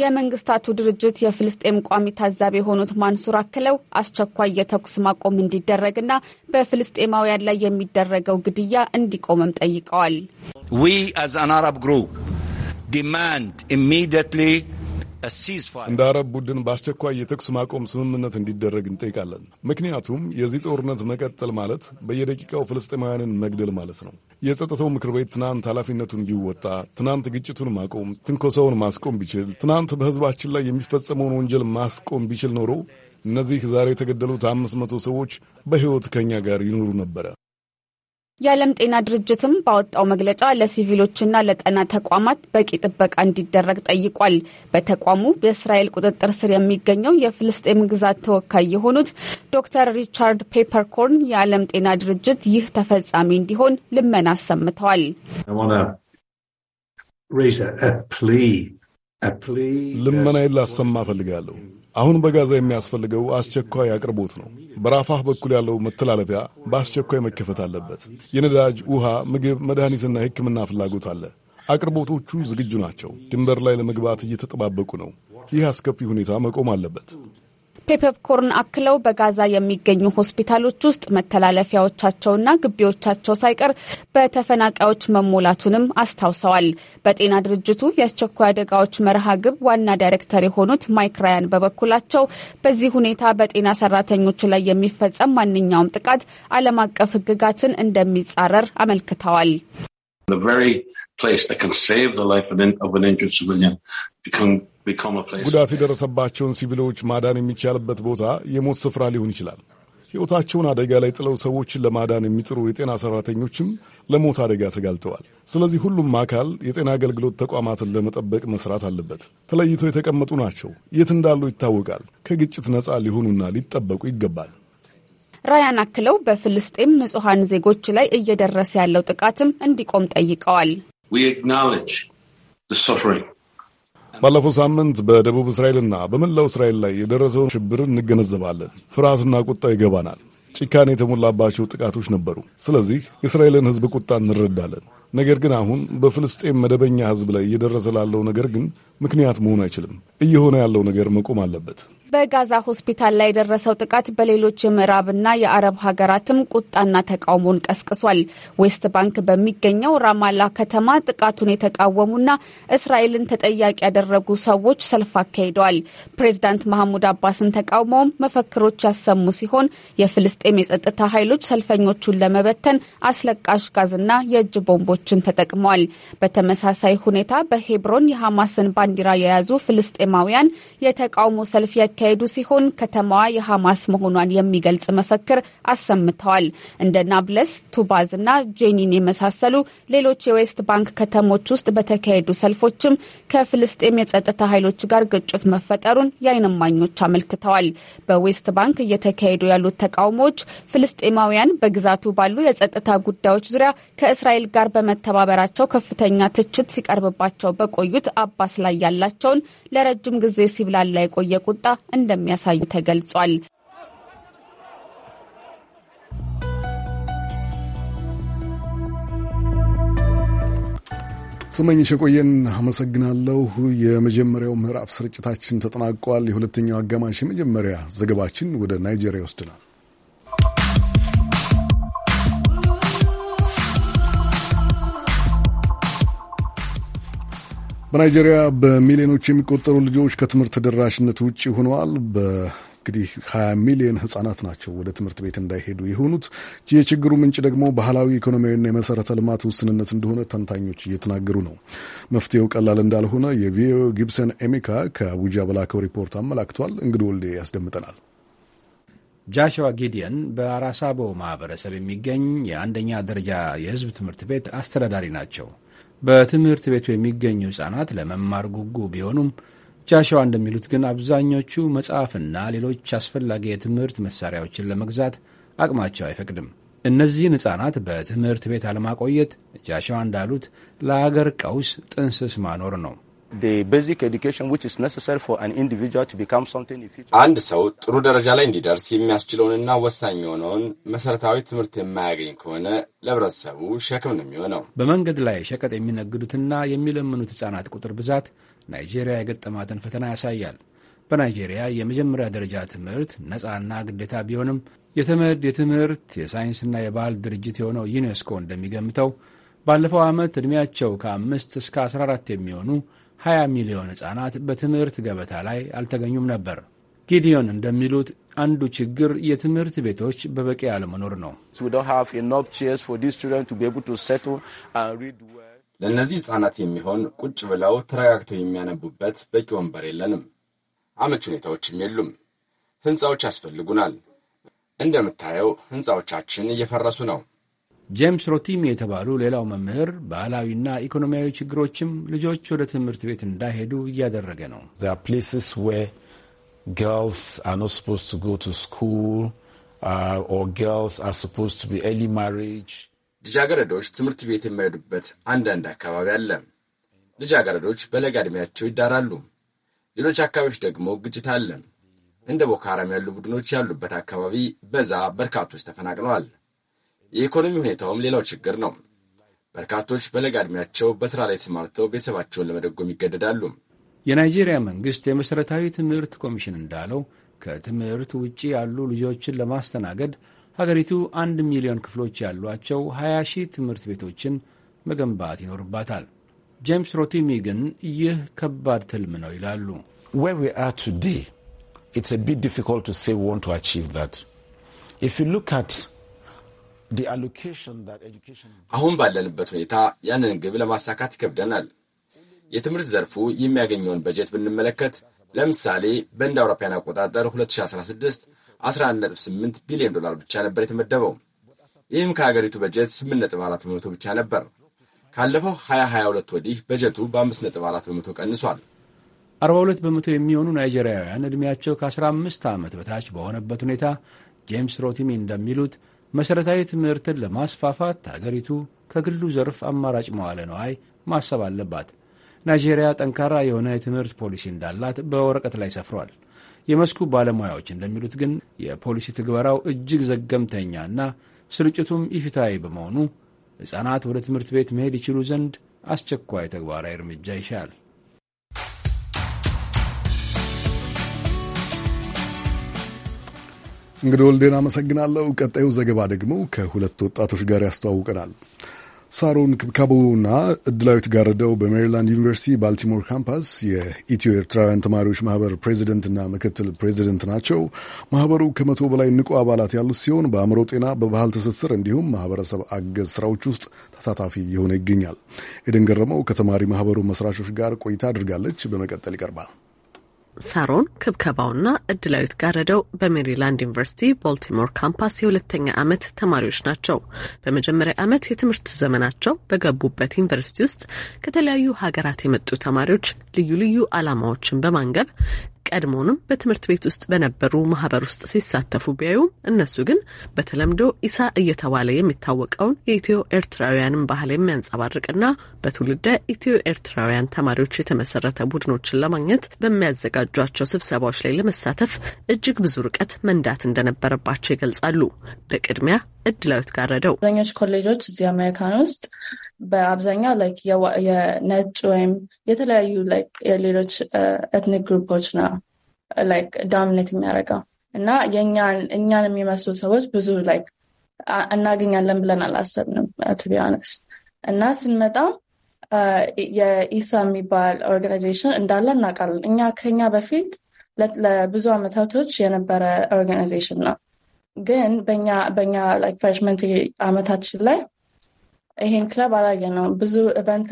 የመንግስታቱ ድርጅት የፍልስጤም ቋሚ ታዛቢ የሆኑት ማንሱር አክለው አስቸኳይ የተኩስ ማቆም እንዲደረግና በፍልስጤማውያን ላይ የሚደረገው ግድያ እንዲቆምም ጠይቀዋል። እንደ አረብ ቡድን በአስቸኳይ የተኩስ ማቆም ስምምነት እንዲደረግ እንጠይቃለን። ምክንያቱም የዚህ ጦርነት መቀጠል ማለት በየደቂቃው ፍልስጤማውያንን መግደል ማለት ነው። የጸጥታው ምክር ቤት ትናንት ኃላፊነቱን ቢወጣ፣ ትናንት ግጭቱን ማቆም፣ ትንኮሳውን ማስቆም ቢችል፣ ትናንት በህዝባችን ላይ የሚፈጸመውን ወንጀል ማስቆም ቢችል ኖሮ እነዚህ ዛሬ የተገደሉት አምስት መቶ ሰዎች በሕይወት ከእኛ ጋር ይኖሩ ነበረ። የዓለም ጤና ድርጅትም ባወጣው መግለጫ ለሲቪሎችና ለጤና ተቋማት በቂ ጥበቃ እንዲደረግ ጠይቋል። በተቋሙ በእስራኤል ቁጥጥር ስር የሚገኘው የፍልስጤም ግዛት ተወካይ የሆኑት ዶክተር ሪቻርድ ፔፐርኮርን የዓለም ጤና ድርጅት ይህ ተፈጻሚ እንዲሆን ልመና አሰምተዋል። ልመናዬን ላሰማ እፈልጋለሁ። አሁን በጋዛ የሚያስፈልገው አስቸኳይ አቅርቦት ነው። በራፋህ በኩል ያለው መተላለፊያ በአስቸኳይ መከፈት አለበት። የነዳጅ፣ ውሃ፣ ምግብ፣ መድኃኒትና የሕክምና ፍላጎት አለ። አቅርቦቶቹ ዝግጁ ናቸው። ድንበር ላይ ለመግባት እየተጠባበቁ ነው። ይህ አስከፊ ሁኔታ መቆም አለበት። ፔፐርኮርን አክለው በጋዛ የሚገኙ ሆስፒታሎች ውስጥ መተላለፊያዎቻቸውና ግቢዎቻቸው ሳይቀር በተፈናቃዮች መሞላቱንም አስታውሰዋል። በጤና ድርጅቱ የአስቸኳይ አደጋዎች መርሃ ግብ ዋና ዳይሬክተር የሆኑት ማይክ ራያን በበኩላቸው በዚህ ሁኔታ በጤና ሰራተኞች ላይ የሚፈጸም ማንኛውም ጥቃት ዓለም አቀፍ ሕግጋትን እንደሚጻረር አመልክተዋል። The very place that can save the life of an injured civilian become ጉዳት የደረሰባቸውን ሲቪሎች ማዳን የሚቻልበት ቦታ የሞት ስፍራ ሊሆን ይችላል። ሕይወታቸውን አደጋ ላይ ጥለው ሰዎችን ለማዳን የሚጥሩ የጤና ሠራተኞችም ለሞት አደጋ ተጋልጠዋል። ስለዚህ ሁሉም አካል የጤና አገልግሎት ተቋማትን ለመጠበቅ መስራት አለበት። ተለይተው የተቀመጡ ናቸው። የት እንዳሉ ይታወቃል። ከግጭት ነፃ ሊሆኑና ሊጠበቁ ይገባል። ራያን አክለው በፍልስጤም ንጹሐን ዜጎች ላይ እየደረሰ ያለው ጥቃትም እንዲቆም ጠይቀዋል። ባለፈው ሳምንት በደቡብ እስራኤልና በመላው እስራኤል ላይ የደረሰውን ሽብር እንገነዘባለን። ፍርሃትና ቁጣ ይገባናል። ጭካኔ የተሞላባቸው ጥቃቶች ነበሩ። ስለዚህ የእስራኤልን ሕዝብ ቁጣ እንረዳለን። ነገር ግን አሁን በፍልስጤም መደበኛ ሕዝብ ላይ እየደረሰ ላለው ነገር ግን ምክንያት መሆን አይችልም። እየሆነ ያለው ነገር መቆም አለበት። በጋዛ ሆስፒታል ላይ የደረሰው ጥቃት በሌሎች የምዕራብና የአረብ ሀገራትም ቁጣና ተቃውሞን ቀስቅሷል። ዌስት ባንክ በሚገኘው ራማላ ከተማ ጥቃቱን የተቃወሙና እስራኤልን ተጠያቂ ያደረጉ ሰዎች ሰልፍ አካሂደዋል። ፕሬዚዳንት መሐሙድ አባስን ተቃውሞውም መፈክሮች ያሰሙ ሲሆን የፍልስጤም የጸጥታ ኃይሎች ሰልፈኞቹን ለመበተን አስለቃሽ ጋዝና የእጅ ቦምቦችን ተጠቅመዋል። በተመሳሳይ ሁኔታ በሄብሮን የሐማስን ባንዲራ የያዙ ፍልስጤማውያን የተቃውሞ ሰልፍ ያካሄዱ ሲሆን ከተማዋ የሐማስ መሆኗን የሚገልጽ መፈክር አሰምተዋል። እንደ ናብለስ፣ ቱባዝ እና ጄኒን የመሳሰሉ ሌሎች የዌስት ባንክ ከተሞች ውስጥ በተካሄዱ ሰልፎችም ከፍልስጤም የጸጥታ ኃይሎች ጋር ግጭት መፈጠሩን የአይንማኞች አመልክተዋል። በዌስት ባንክ እየተካሄዱ ያሉት ተቃውሞዎች ፍልስጤማውያን በግዛቱ ባሉ የጸጥታ ጉዳዮች ዙሪያ ከእስራኤል ጋር በመተባበራቸው ከፍተኛ ትችት ሲቀርብባቸው በቆዩት አባስ ላይ ያላቸውን ለረጅም ጊዜ ሲብላላ የቆየ ቁጣ እንደሚያሳዩ ተገልጿል። ስመኝሽ የቆየን አመሰግናለሁ። የመጀመሪያው ምዕራፍ ስርጭታችን ተጠናቋል። የሁለተኛው አጋማሽ የመጀመሪያ ዘገባችን ወደ ናይጄሪያ ይወስድናል። በናይጄሪያ በሚሊዮኖች የሚቆጠሩ ልጆች ከትምህርት ተደራሽነት ውጭ ሆነዋል። እንግዲህ 20 ሚሊዮን ህጻናት ናቸው ወደ ትምህርት ቤት እንዳይሄዱ የሆኑት። የችግሩ ምንጭ ደግሞ ባህላዊ ኢኮኖሚያዊና የመሰረተ ልማት ውስንነት እንደሆነ ተንታኞች እየተናገሩ ነው። መፍትሄው ቀላል እንዳልሆነ የቪኦኤ ጊብሰን ኤሚካ ከአቡጃ በላከው ሪፖርት አመላክቷል። እንግዲህ ወልዴ ያስደምጠናል። ጃሽዋ ጊዲየን በአራሳቦ ማህበረሰብ የሚገኝ የአንደኛ ደረጃ የህዝብ ትምህርት ቤት አስተዳዳሪ ናቸው። በትምህርት ቤቱ የሚገኙ ሕጻናት ለመማር ጉጉ ቢሆኑም ጃሸዋ እንደሚሉት ግን አብዛኞቹ መጽሐፍና ሌሎች አስፈላጊ የትምህርት መሳሪያዎችን ለመግዛት አቅማቸው አይፈቅድም። እነዚህን ሕጻናት በትምህርት ቤት አለማቆየት ጃሸዋ እንዳሉት ለአገር ቀውስ ጥንስስ ማኖር ነው። አንድ ሰው ጥሩ ደረጃ ላይ እንዲደርስ የሚያስችለውንና ወሳኝ የሆነውን መሠረታዊ ትምህርት የማያገኝ ከሆነ ለህብረተሰቡ ሸክም ነው የሚሆነው። በመንገድ ላይ ሸቀጥ የሚነግዱትና የሚለምኑት ሕፃናት ቁጥር ብዛት ናይጄሪያ የገጠማትን ፈተና ያሳያል። በናይጄሪያ የመጀመሪያ ደረጃ ትምህርት ነፃና ግዴታ ቢሆንም የተመድ የትምህርት የሳይንስና የባህል ድርጅት የሆነው ዩኔስኮ እንደሚገምተው ባለፈው ዓመት ዕድሜያቸው ከአምስት እስከ 14 የሚሆኑ 20 ሚሊዮን ሕፃናት በትምህርት ገበታ ላይ አልተገኙም ነበር። ጊዲዮን እንደሚሉት አንዱ ችግር የትምህርት ቤቶች በበቂ አለመኖር ነው። ለእነዚህ ሕፃናት የሚሆን ቁጭ ብለው ተረጋግተው የሚያነቡበት በቂ ወንበር የለንም። አመች ሁኔታዎችም የሉም። ሕንፃዎች ያስፈልጉናል። እንደምታየው ሕንፃዎቻችን እየፈረሱ ነው። ጄምስ ሮቲም የተባሉ ሌላው መምህር ባህላዊና ኢኮኖሚያዊ ችግሮችም ልጆች ወደ ትምህርት ቤት እንዳይሄዱ እያደረገ ነው። uh, ልጃገረዶች ትምህርት ቤት የማይሄዱበት አንዳንድ አካባቢ አለ። ልጃገረዶች በለጋ ዕድሜያቸው ይዳራሉ። ሌሎች አካባቢዎች ደግሞ ግጭት አለ። እንደ ቦኮ ሃራም ያሉ ቡድኖች ያሉበት አካባቢ በዛ በርካቶች ተፈናቅለዋል። የኢኮኖሚ ሁኔታውም ሌላው ችግር ነው። በርካቶች በለጋ ዕድሜያቸው በሥራ ላይ ተሰማርተው ቤተሰባቸውን ለመደጎም ይገደዳሉ። የናይጄሪያ መንግሥት የመሠረታዊ ትምህርት ኮሚሽን እንዳለው ከትምህርት ውጪ ያሉ ልጆችን ለማስተናገድ ሀገሪቱ አንድ ሚሊዮን ክፍሎች ያሏቸው 20 ሺህ ትምህርት ቤቶችን መገንባት ይኖርባታል። ጄምስ ሮቲሚ ግን ይህ ከባድ ትልም ነው ይላሉ። ቶዴይ አቺቭ አሁን ባለንበት ሁኔታ ያንን ግብ ለማሳካት ይከብደናል። የትምህርት ዘርፉ የሚያገኘውን በጀት ብንመለከት ለምሳሌ በእንደ አውሮፓውያን አቆጣጠር 2016 11.8 ቢሊዮን ዶላር ብቻ ነበር የተመደበው። ይህም ከሀገሪቱ በጀት 8.4 በመቶ ብቻ ነበር። ካለፈው 2022 ወዲህ በጀቱ በ5.4 በመቶ ቀንሷል። 42 በመቶ የሚሆኑ ናይጄሪያውያን ዕድሜያቸው ከ15 ዓመት በታች በሆነበት ሁኔታ ጄምስ ሮቲሚ እንደሚሉት መሠረታዊ ትምህርትን ለማስፋፋት አገሪቱ ከግሉ ዘርፍ አማራጭ መዋለ ነዋይ ማሰብ አለባት። ናይጄሪያ ጠንካራ የሆነ የትምህርት ፖሊሲ እንዳላት በወረቀት ላይ ሰፍሯል። የመስኩ ባለሙያዎች እንደሚሉት ግን የፖሊሲ ትግበራው እጅግ ዘገምተኛ ስርጭቱም ኢፍትሐዊ በመሆኑ ሕፃናት ወደ ትምህርት ቤት መሄድ ይችሉ ዘንድ አስቸኳይ ተግባራዊ እርምጃ ይሻል። እንግዲህ ወልዴን አመሰግናለሁ። ቀጣዩ ዘገባ ደግሞ ከሁለት ወጣቶች ጋር ያስተዋውቀናል። ሳሮን ክብካቡና እድላዊት ጋረደው በሜሪላንድ ዩኒቨርሲቲ ባልቲሞር ካምፓስ የኢትዮ ኤርትራውያን ተማሪዎች ማህበር ፕሬዚደንትና ምክትል ፕሬዚደንት ናቸው። ማህበሩ ከመቶ በላይ ንቁ አባላት ያሉት ሲሆን በአእምሮ ጤና፣ በባህል ትስስር እንዲሁም ማህበረሰብ አገዝ ስራዎች ውስጥ ተሳታፊ የሆነ ይገኛል። ኤደን ገረመው ከተማሪ ማህበሩ መስራቾች ጋር ቆይታ አድርጋለች። በመቀጠል ይቀርባል። ሳሮን ክብከባውና እድላዊት ጋረደው በሜሪላንድ ዩኒቨርሲቲ ቦልቲሞር ካምፓስ የሁለተኛ ዓመት ተማሪዎች ናቸው። በመጀመሪያ ዓመት የትምህርት ዘመናቸው በገቡበት ዩኒቨርሲቲ ውስጥ ከተለያዩ ሀገራት የመጡ ተማሪዎች ልዩ ልዩ ዓላማዎችን በማንገብ ቀድሞውንም በትምህርት ቤት ውስጥ በነበሩ ማህበር ውስጥ ሲሳተፉ ቢያዩም እነሱ ግን በተለምዶ ኢሳ እየተባለ የሚታወቀውን የኢትዮ ኤርትራውያንን ባህል የሚያንጸባርቅና በትውልደ ኢትዮ ኤርትራውያን ተማሪዎች የተመሰረተ ቡድኖችን ለማግኘት በሚያዘጋጇቸው ስብሰባዎች ላይ ለመሳተፍ እጅግ ብዙ ርቀት መንዳት እንደነበረባቸው ይገልጻሉ። በቅድሚያ እድላዊት ጋር ረደው ኮሌጆች እዚህ አሜሪካን ውስጥ በአብዛኛው ላይክ የነጭ ወይም የተለያዩ ላይክ የሌሎች ኤትኒክ ግሩፖች ነው ላይክ ዳሚኔት የሚያደርገው እና እኛን የሚመስሉ ሰዎች ብዙ ላይክ እናገኛለን ብለን አላሰብንም ትቢያነስ እና ስንመጣ የኢሳ የሚባል ኦርጋናይዜሽን እንዳለ እናውቃለን። እኛ ከኛ በፊት ለብዙ አመታቶች የነበረ ኦርጋናይዜሽን ነው። ግን በኛ በኛ ፍሬሽመንት አመታችን ላይ ይሄን ክለብ አላየ ነው። ብዙ ኢቨንት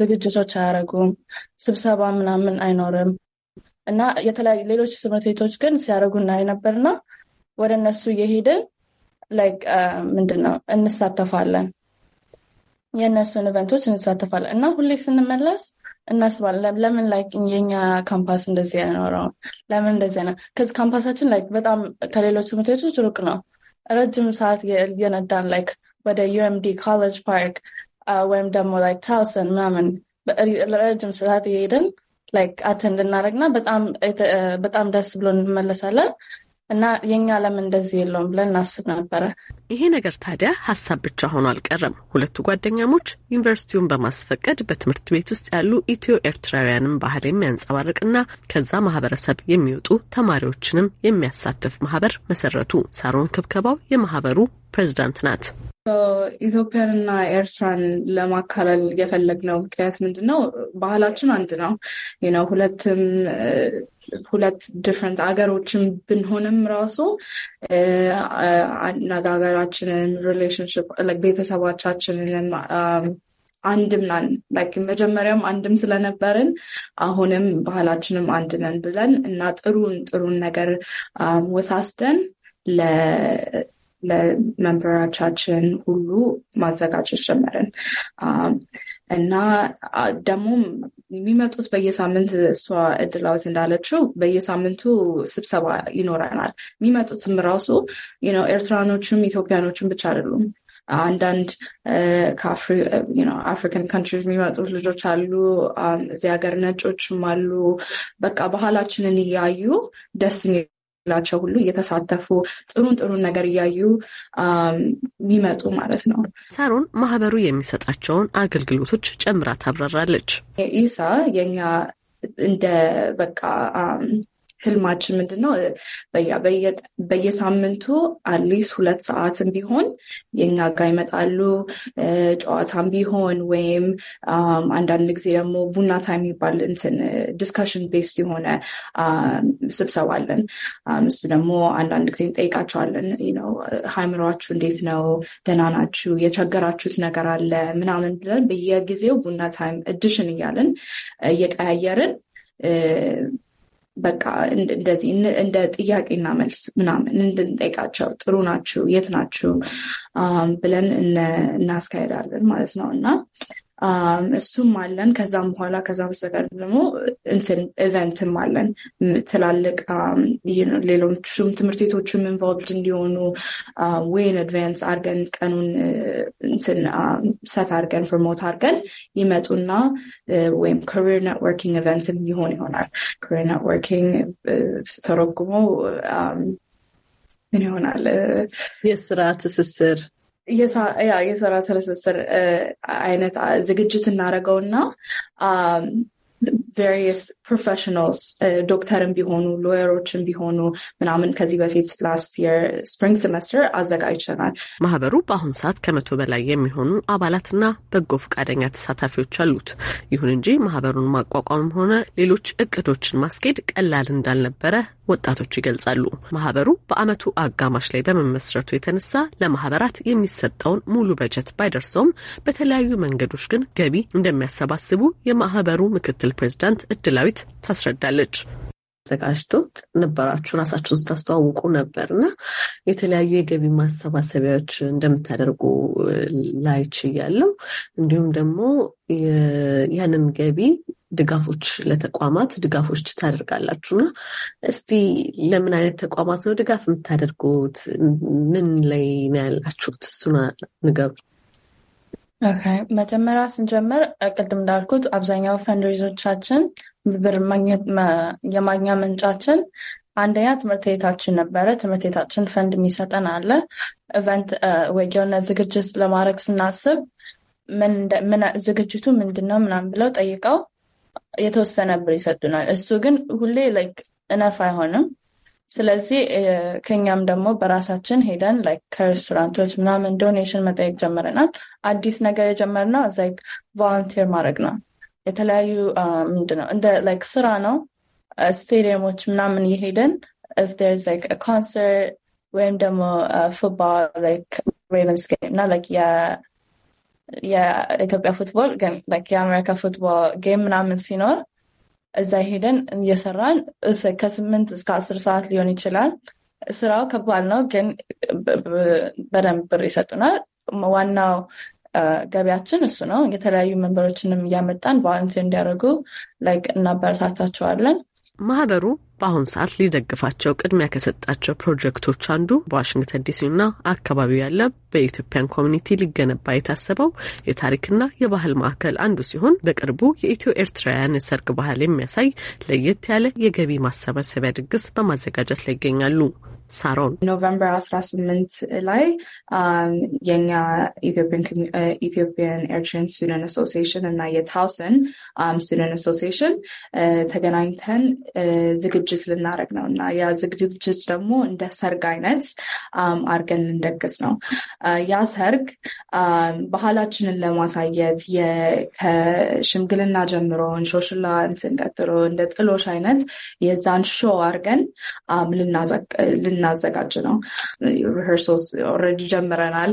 ዝግጅቶች አያደርጉም፣ ስብሰባ ምናምን አይኖርም እና የተለያዩ ሌሎች ትምህርት ቤቶች ግን ሲያደርጉ እናይ ነበርና ወደ እነሱ እየሄድን ላይክ ምንድን ነው እንሳተፋለን፣ የእነሱን ኢቨንቶች እንሳተፋለን እና ሁሌ ስንመለስ እናስባለን ለምን ላይክ የኛ ካምፓስ እንደዚህ አይኖረውም? ለምን እንደዚህ ነው? ከዚህ ካምፓሳችን ላይክ በጣም ከሌሎች ትምህርት ቤቶች ሩቅ ነው። ረጅም ሰዓት የነዳን ላይክ ወደ ዩኤምዲ ኮሌጅ ፓርክ ወይም ደግሞ ላይክ ታውሰን ምናምን ለረጅም ሰዓት እየሄድን ላይክ አተንድ እናደረግና በጣም ደስ ብሎ እንመለሳለን። እና የኛ ለም እንደዚህ የለውም ብለን እናስብ ነበረ። ይሄ ነገር ታዲያ ሀሳብ ብቻ ሆኖ አልቀረም። ሁለቱ ጓደኛሞች ዩኒቨርሲቲውን በማስፈቀድ በትምህርት ቤት ውስጥ ያሉ ኢትዮ ኤርትራውያንን ባህል የሚያንጸባርቅና ከዛ ማህበረሰብ የሚወጡ ተማሪዎችንም የሚያሳትፍ ማህበር መሰረቱ። ሳሮን ክብከባው የማህበሩ ፕሬዚዳንት ናት። ኢትዮጵያንና ኤርትራን ለማካለል የፈለግነው ምክንያት ምንድን ነው? ባህላችን አንድ ነው ነው ሁለትም uh, ሁለት ዲፍረንት አገሮችን ብንሆንም ራሱ uh, አነጋገራችንን፣ ሪሌሽንሽፕ ቤተሰባቻችንንም um, አንድም ናን መጀመሪያም አንድም ስለነበርን አሁንም ባህላችንም አንድ ነን ብለን እና ጥሩን ጥሩን ነገር um, ወሳስደን ለመምህራቻችን ሁሉ ማዘጋጀት ጀመርን እና ደግሞም የሚመጡት በየሳምንት እሷ እድላዊት እንዳለችው በየሳምንቱ ስብሰባ ይኖረናል። የሚመጡትም ራሱ ኤርትራኖችም ኢትዮጵያኖችም ብቻ አይደሉም። አንዳንድ ከአፍሪካን ካንትሪዝ የሚመጡት ልጆች አሉ። እዚህ ሀገር ነጮችም አሉ። በቃ ባህላችንን እያዩ ደስ ላቸው ሁሉ እየተሳተፉ ጥሩን ጥሩን ነገር እያዩ የሚመጡ ማለት ነው። ሳሮን ማህበሩ የሚሰጣቸውን አገልግሎቶች ጨምራ ታብራራለች። ኢሳ የኛ እንደ በቃ ህልማችን ምንድን ነው? በየሳምንቱ አሊስ ሁለት ሰዓትም ቢሆን የእኛ ጋ ይመጣሉ። ጨዋታም ቢሆን ወይም አንዳንድ ጊዜ ደግሞ ቡና ታይም የሚባል እንትን ዲስካሽን ቤስ የሆነ ስብሰባ አለን። እሱ ደግሞ አንዳንድ ጊዜ እንጠይቃቸዋለን። ሃይምሯችሁ እንዴት ነው? ደህና ናችሁ? የቸገራችሁት ነገር አለ ምናምን ብለን በየጊዜው ቡና ታይም እድሽን እያልን እየቀያየርን በቃ እንደዚህ እንደ ጥያቄና መልስ ምናምን እንድንጠይቃቸው ጥሩ ናችሁ፣ የት ናችሁ ብለን እናስካሄዳለን ማለት ነው እና እሱም አለን። ከዛም በኋላ ከዛ በስተቀር ደግሞ እንትን ኢቨንትም አለን ትላልቅ ሌሎቹም ትምህርት ቤቶችም ኢንቮልቭድ እንዲሆኑ ዌን አድቫንስ አድርገን ቀኑን እንትን ሰት አድርገን ፕሮሞት አድርገን ይመጡና ወይም ካሪር ኔትወርኪንግ ኢቨንትም ይሆን ይሆናል። ካሪር ኔትወርኪንግ ስተረጉሞ ምን ይሆናል? የስራ ትስስር የሰራ ትስስር አይነት ዝግጅት እናደርገውና ቬሪየስ ፕሮፌሽናልስ ዶክተርም ቢሆኑ ሎየሮችም ቢሆኑ ምናምን ከዚህ በፊት ላስት የር ስፕሪንግ ሴመስተር አዘጋጅተናል። ማህበሩ በአሁኑ ሰዓት ከመቶ በላይ የሚሆኑ አባላትና በጎ ፈቃደኛ ተሳታፊዎች አሉት። ይሁን እንጂ ማህበሩን ማቋቋምም ሆነ ሌሎች እቅዶችን ማስኬድ ቀላል እንዳልነበረ ወጣቶች ይገልጻሉ። ማህበሩ በአመቱ አጋማሽ ላይ በመመስረቱ የተነሳ ለማህበራት የሚሰጠውን ሙሉ በጀት ባይደርሰውም በተለያዩ መንገዶች ግን ገቢ እንደሚያሰባስቡ የማህበሩ ምክትል ምክትል ፕሬዚዳንት እድላዊት ታስረዳለች። አዘጋጅቶት ነበራችሁ ራሳችሁን ስታስተዋውቁ ነበር እና የተለያዩ የገቢ ማሰባሰቢያዎች እንደምታደርጉ ላይች ያለው እንዲሁም ደግሞ ያንን ገቢ ድጋፎች ለተቋማት ድጋፎች ታደርጋላችሁ እና እስቲ ለምን አይነት ተቋማት ነው ድጋፍ የምታደርጉት? ምን ላይ ነው ያላችሁት? እሱን ንገሩ። መጀመሪያ ስንጀምር ቅድም እንዳልኩት አብዛኛው ፈንድሪዞቻችን ብር የማግኛ ምንጫችን አንደኛ ትምህርት ቤታችን ነበረ። ትምህርት ቤታችን ፈንድ የሚሰጠን አለ። ኢቨንት ወይ ዝግጅት ለማድረግ ስናስብ ዝግጅቱ ምንድን ነው ምናምን ብለው ጠይቀው የተወሰነ ብር ይሰጡናል። እሱ ግን ሁሌ ላይክ እነፍ አይሆንም። ስለዚህ ከኛም ደግሞ በራሳችን ሄደን ከሬስቶራንቶች ምናምን ዶኔሽን መጠየቅ ጀምረናል። አዲስ ነገር የጀመርነው እዛ ቮለንቲር ማድረግ ነው። የተለያዩ ምንድነው እንደ ስራ ነው። ስቴዲየሞች ምናምን የሄደን ኮንሰርት ወይም ደግሞ ፉትባል ሬቨንስ ጌም እና የኢትዮጵያ ፉትቦል ግን የአሜሪካ ፉትቦል ጌም ምናምን ሲኖር እዛ ሄደን እየሰራን ከስምንት እስከ አስር ሰዓት ሊሆን ይችላል። ስራው ከባድ ነው፣ ግን በደንብ ብር ይሰጡናል። ዋናው ገቢያችን እሱ ነው። የተለያዩ መንበሮችንም እያመጣን ቫለንቲር እንዲያደርጉ ላይክ እናበረታታቸዋለን። ማህበሩ በአሁን ሰዓት ሊደግፋቸው ቅድሚያ ከሰጣቸው ፕሮጀክቶች አንዱ በዋሽንግተን ዲሲና አካባቢው ያለ በኢትዮጵያን ኮሚኒቲ ሊገነባ የታሰበው የታሪክና የባህል ማዕከል አንዱ ሲሆን በቅርቡ የኢትዮ ኤርትራውያን የሰርግ ባህል የሚያሳይ ለየት ያለ የገቢ ማሰባሰቢያ ድግስ በማዘጋጀት ላይ ይገኛሉ። ሳሮን ኖቨምበር አስራ ስምንት ላይ um, የኛ ኢትዮጵያን uh, ኤርትራን ስቱደንት አሶሲሽን እና የታውሰን um, ስቱደንት አሶሲሽን uh, ተገናኝተን uh, ዝግ ዝግጅት ልናደርግ ነው እና ያ ዝግጅት ደግሞ እንደ ሰርግ አይነት አድርገን ልንደግስ ነው። ያ ሰርግ ባህላችንን ለማሳየት ከሽምግልና ጀምሮ እንሾሽላ እንትን ቀጥሎ እንደ ጥሎሽ አይነት የዛን ሾ አድርገን ልናዘጋጅ ነው። ሪሄርሶስ ኦልሬዲ ጀምረናል።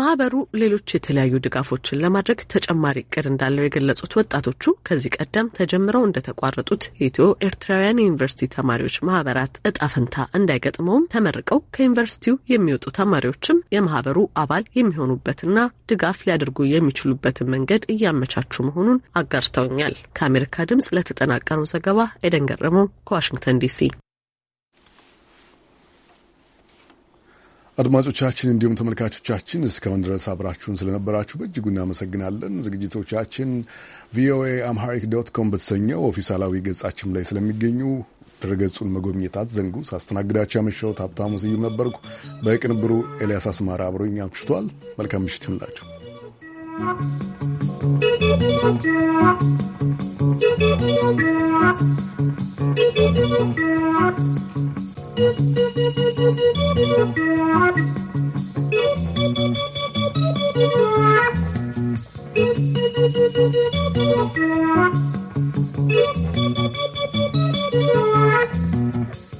ማህበሩ ሌሎች የተለያዩ ድጋፎችን ለማድረግ ተጨማሪ እቅድ እንዳለው የገለጹት ወጣቶቹ ከዚህ ቀደም ተጀምረው እንደተቋረጡት የኢትዮ ኤርትራውያን ዩኒቨርሲቲ የዩኒቨርሲቲ ተማሪዎች ማህበራት እጣ ፈንታ እንዳይገጥመውም ተመርቀው ከዩኒቨርሲቲው የሚወጡ ተማሪዎችም የማህበሩ አባል የሚሆኑበትና ድጋፍ ሊያደርጉ የሚችሉበትን መንገድ እያመቻቹ መሆኑን አጋርተውኛል። ከአሜሪካ ድምጽ ለተጠናቀረው ዘገባ ኤደን ገረመው ከዋሽንግተን ዲሲ። አድማጮቻችን እንዲሁም ተመልካቾቻችን እስካሁን ድረስ አብራችሁን ስለነበራችሁ በእጅጉ እናመሰግናለን። ዝግጅቶቻችን ቪኦኤ አምሃሪክ ዶት ኮም በተሰኘው ኦፊሳላዊ ገጻችን ላይ ስለሚገኙ ድረገጹን መጎብኘት አትዘንጉ። ሳስተናግዳቸው ያመሸሁት ሀብታሙ ስዩም ነበርኩ። በቅንብሩ ኤልያስ አስማራ አብሮኝ አምሽቷል። መልካም ምሽት ይሁንላችሁ።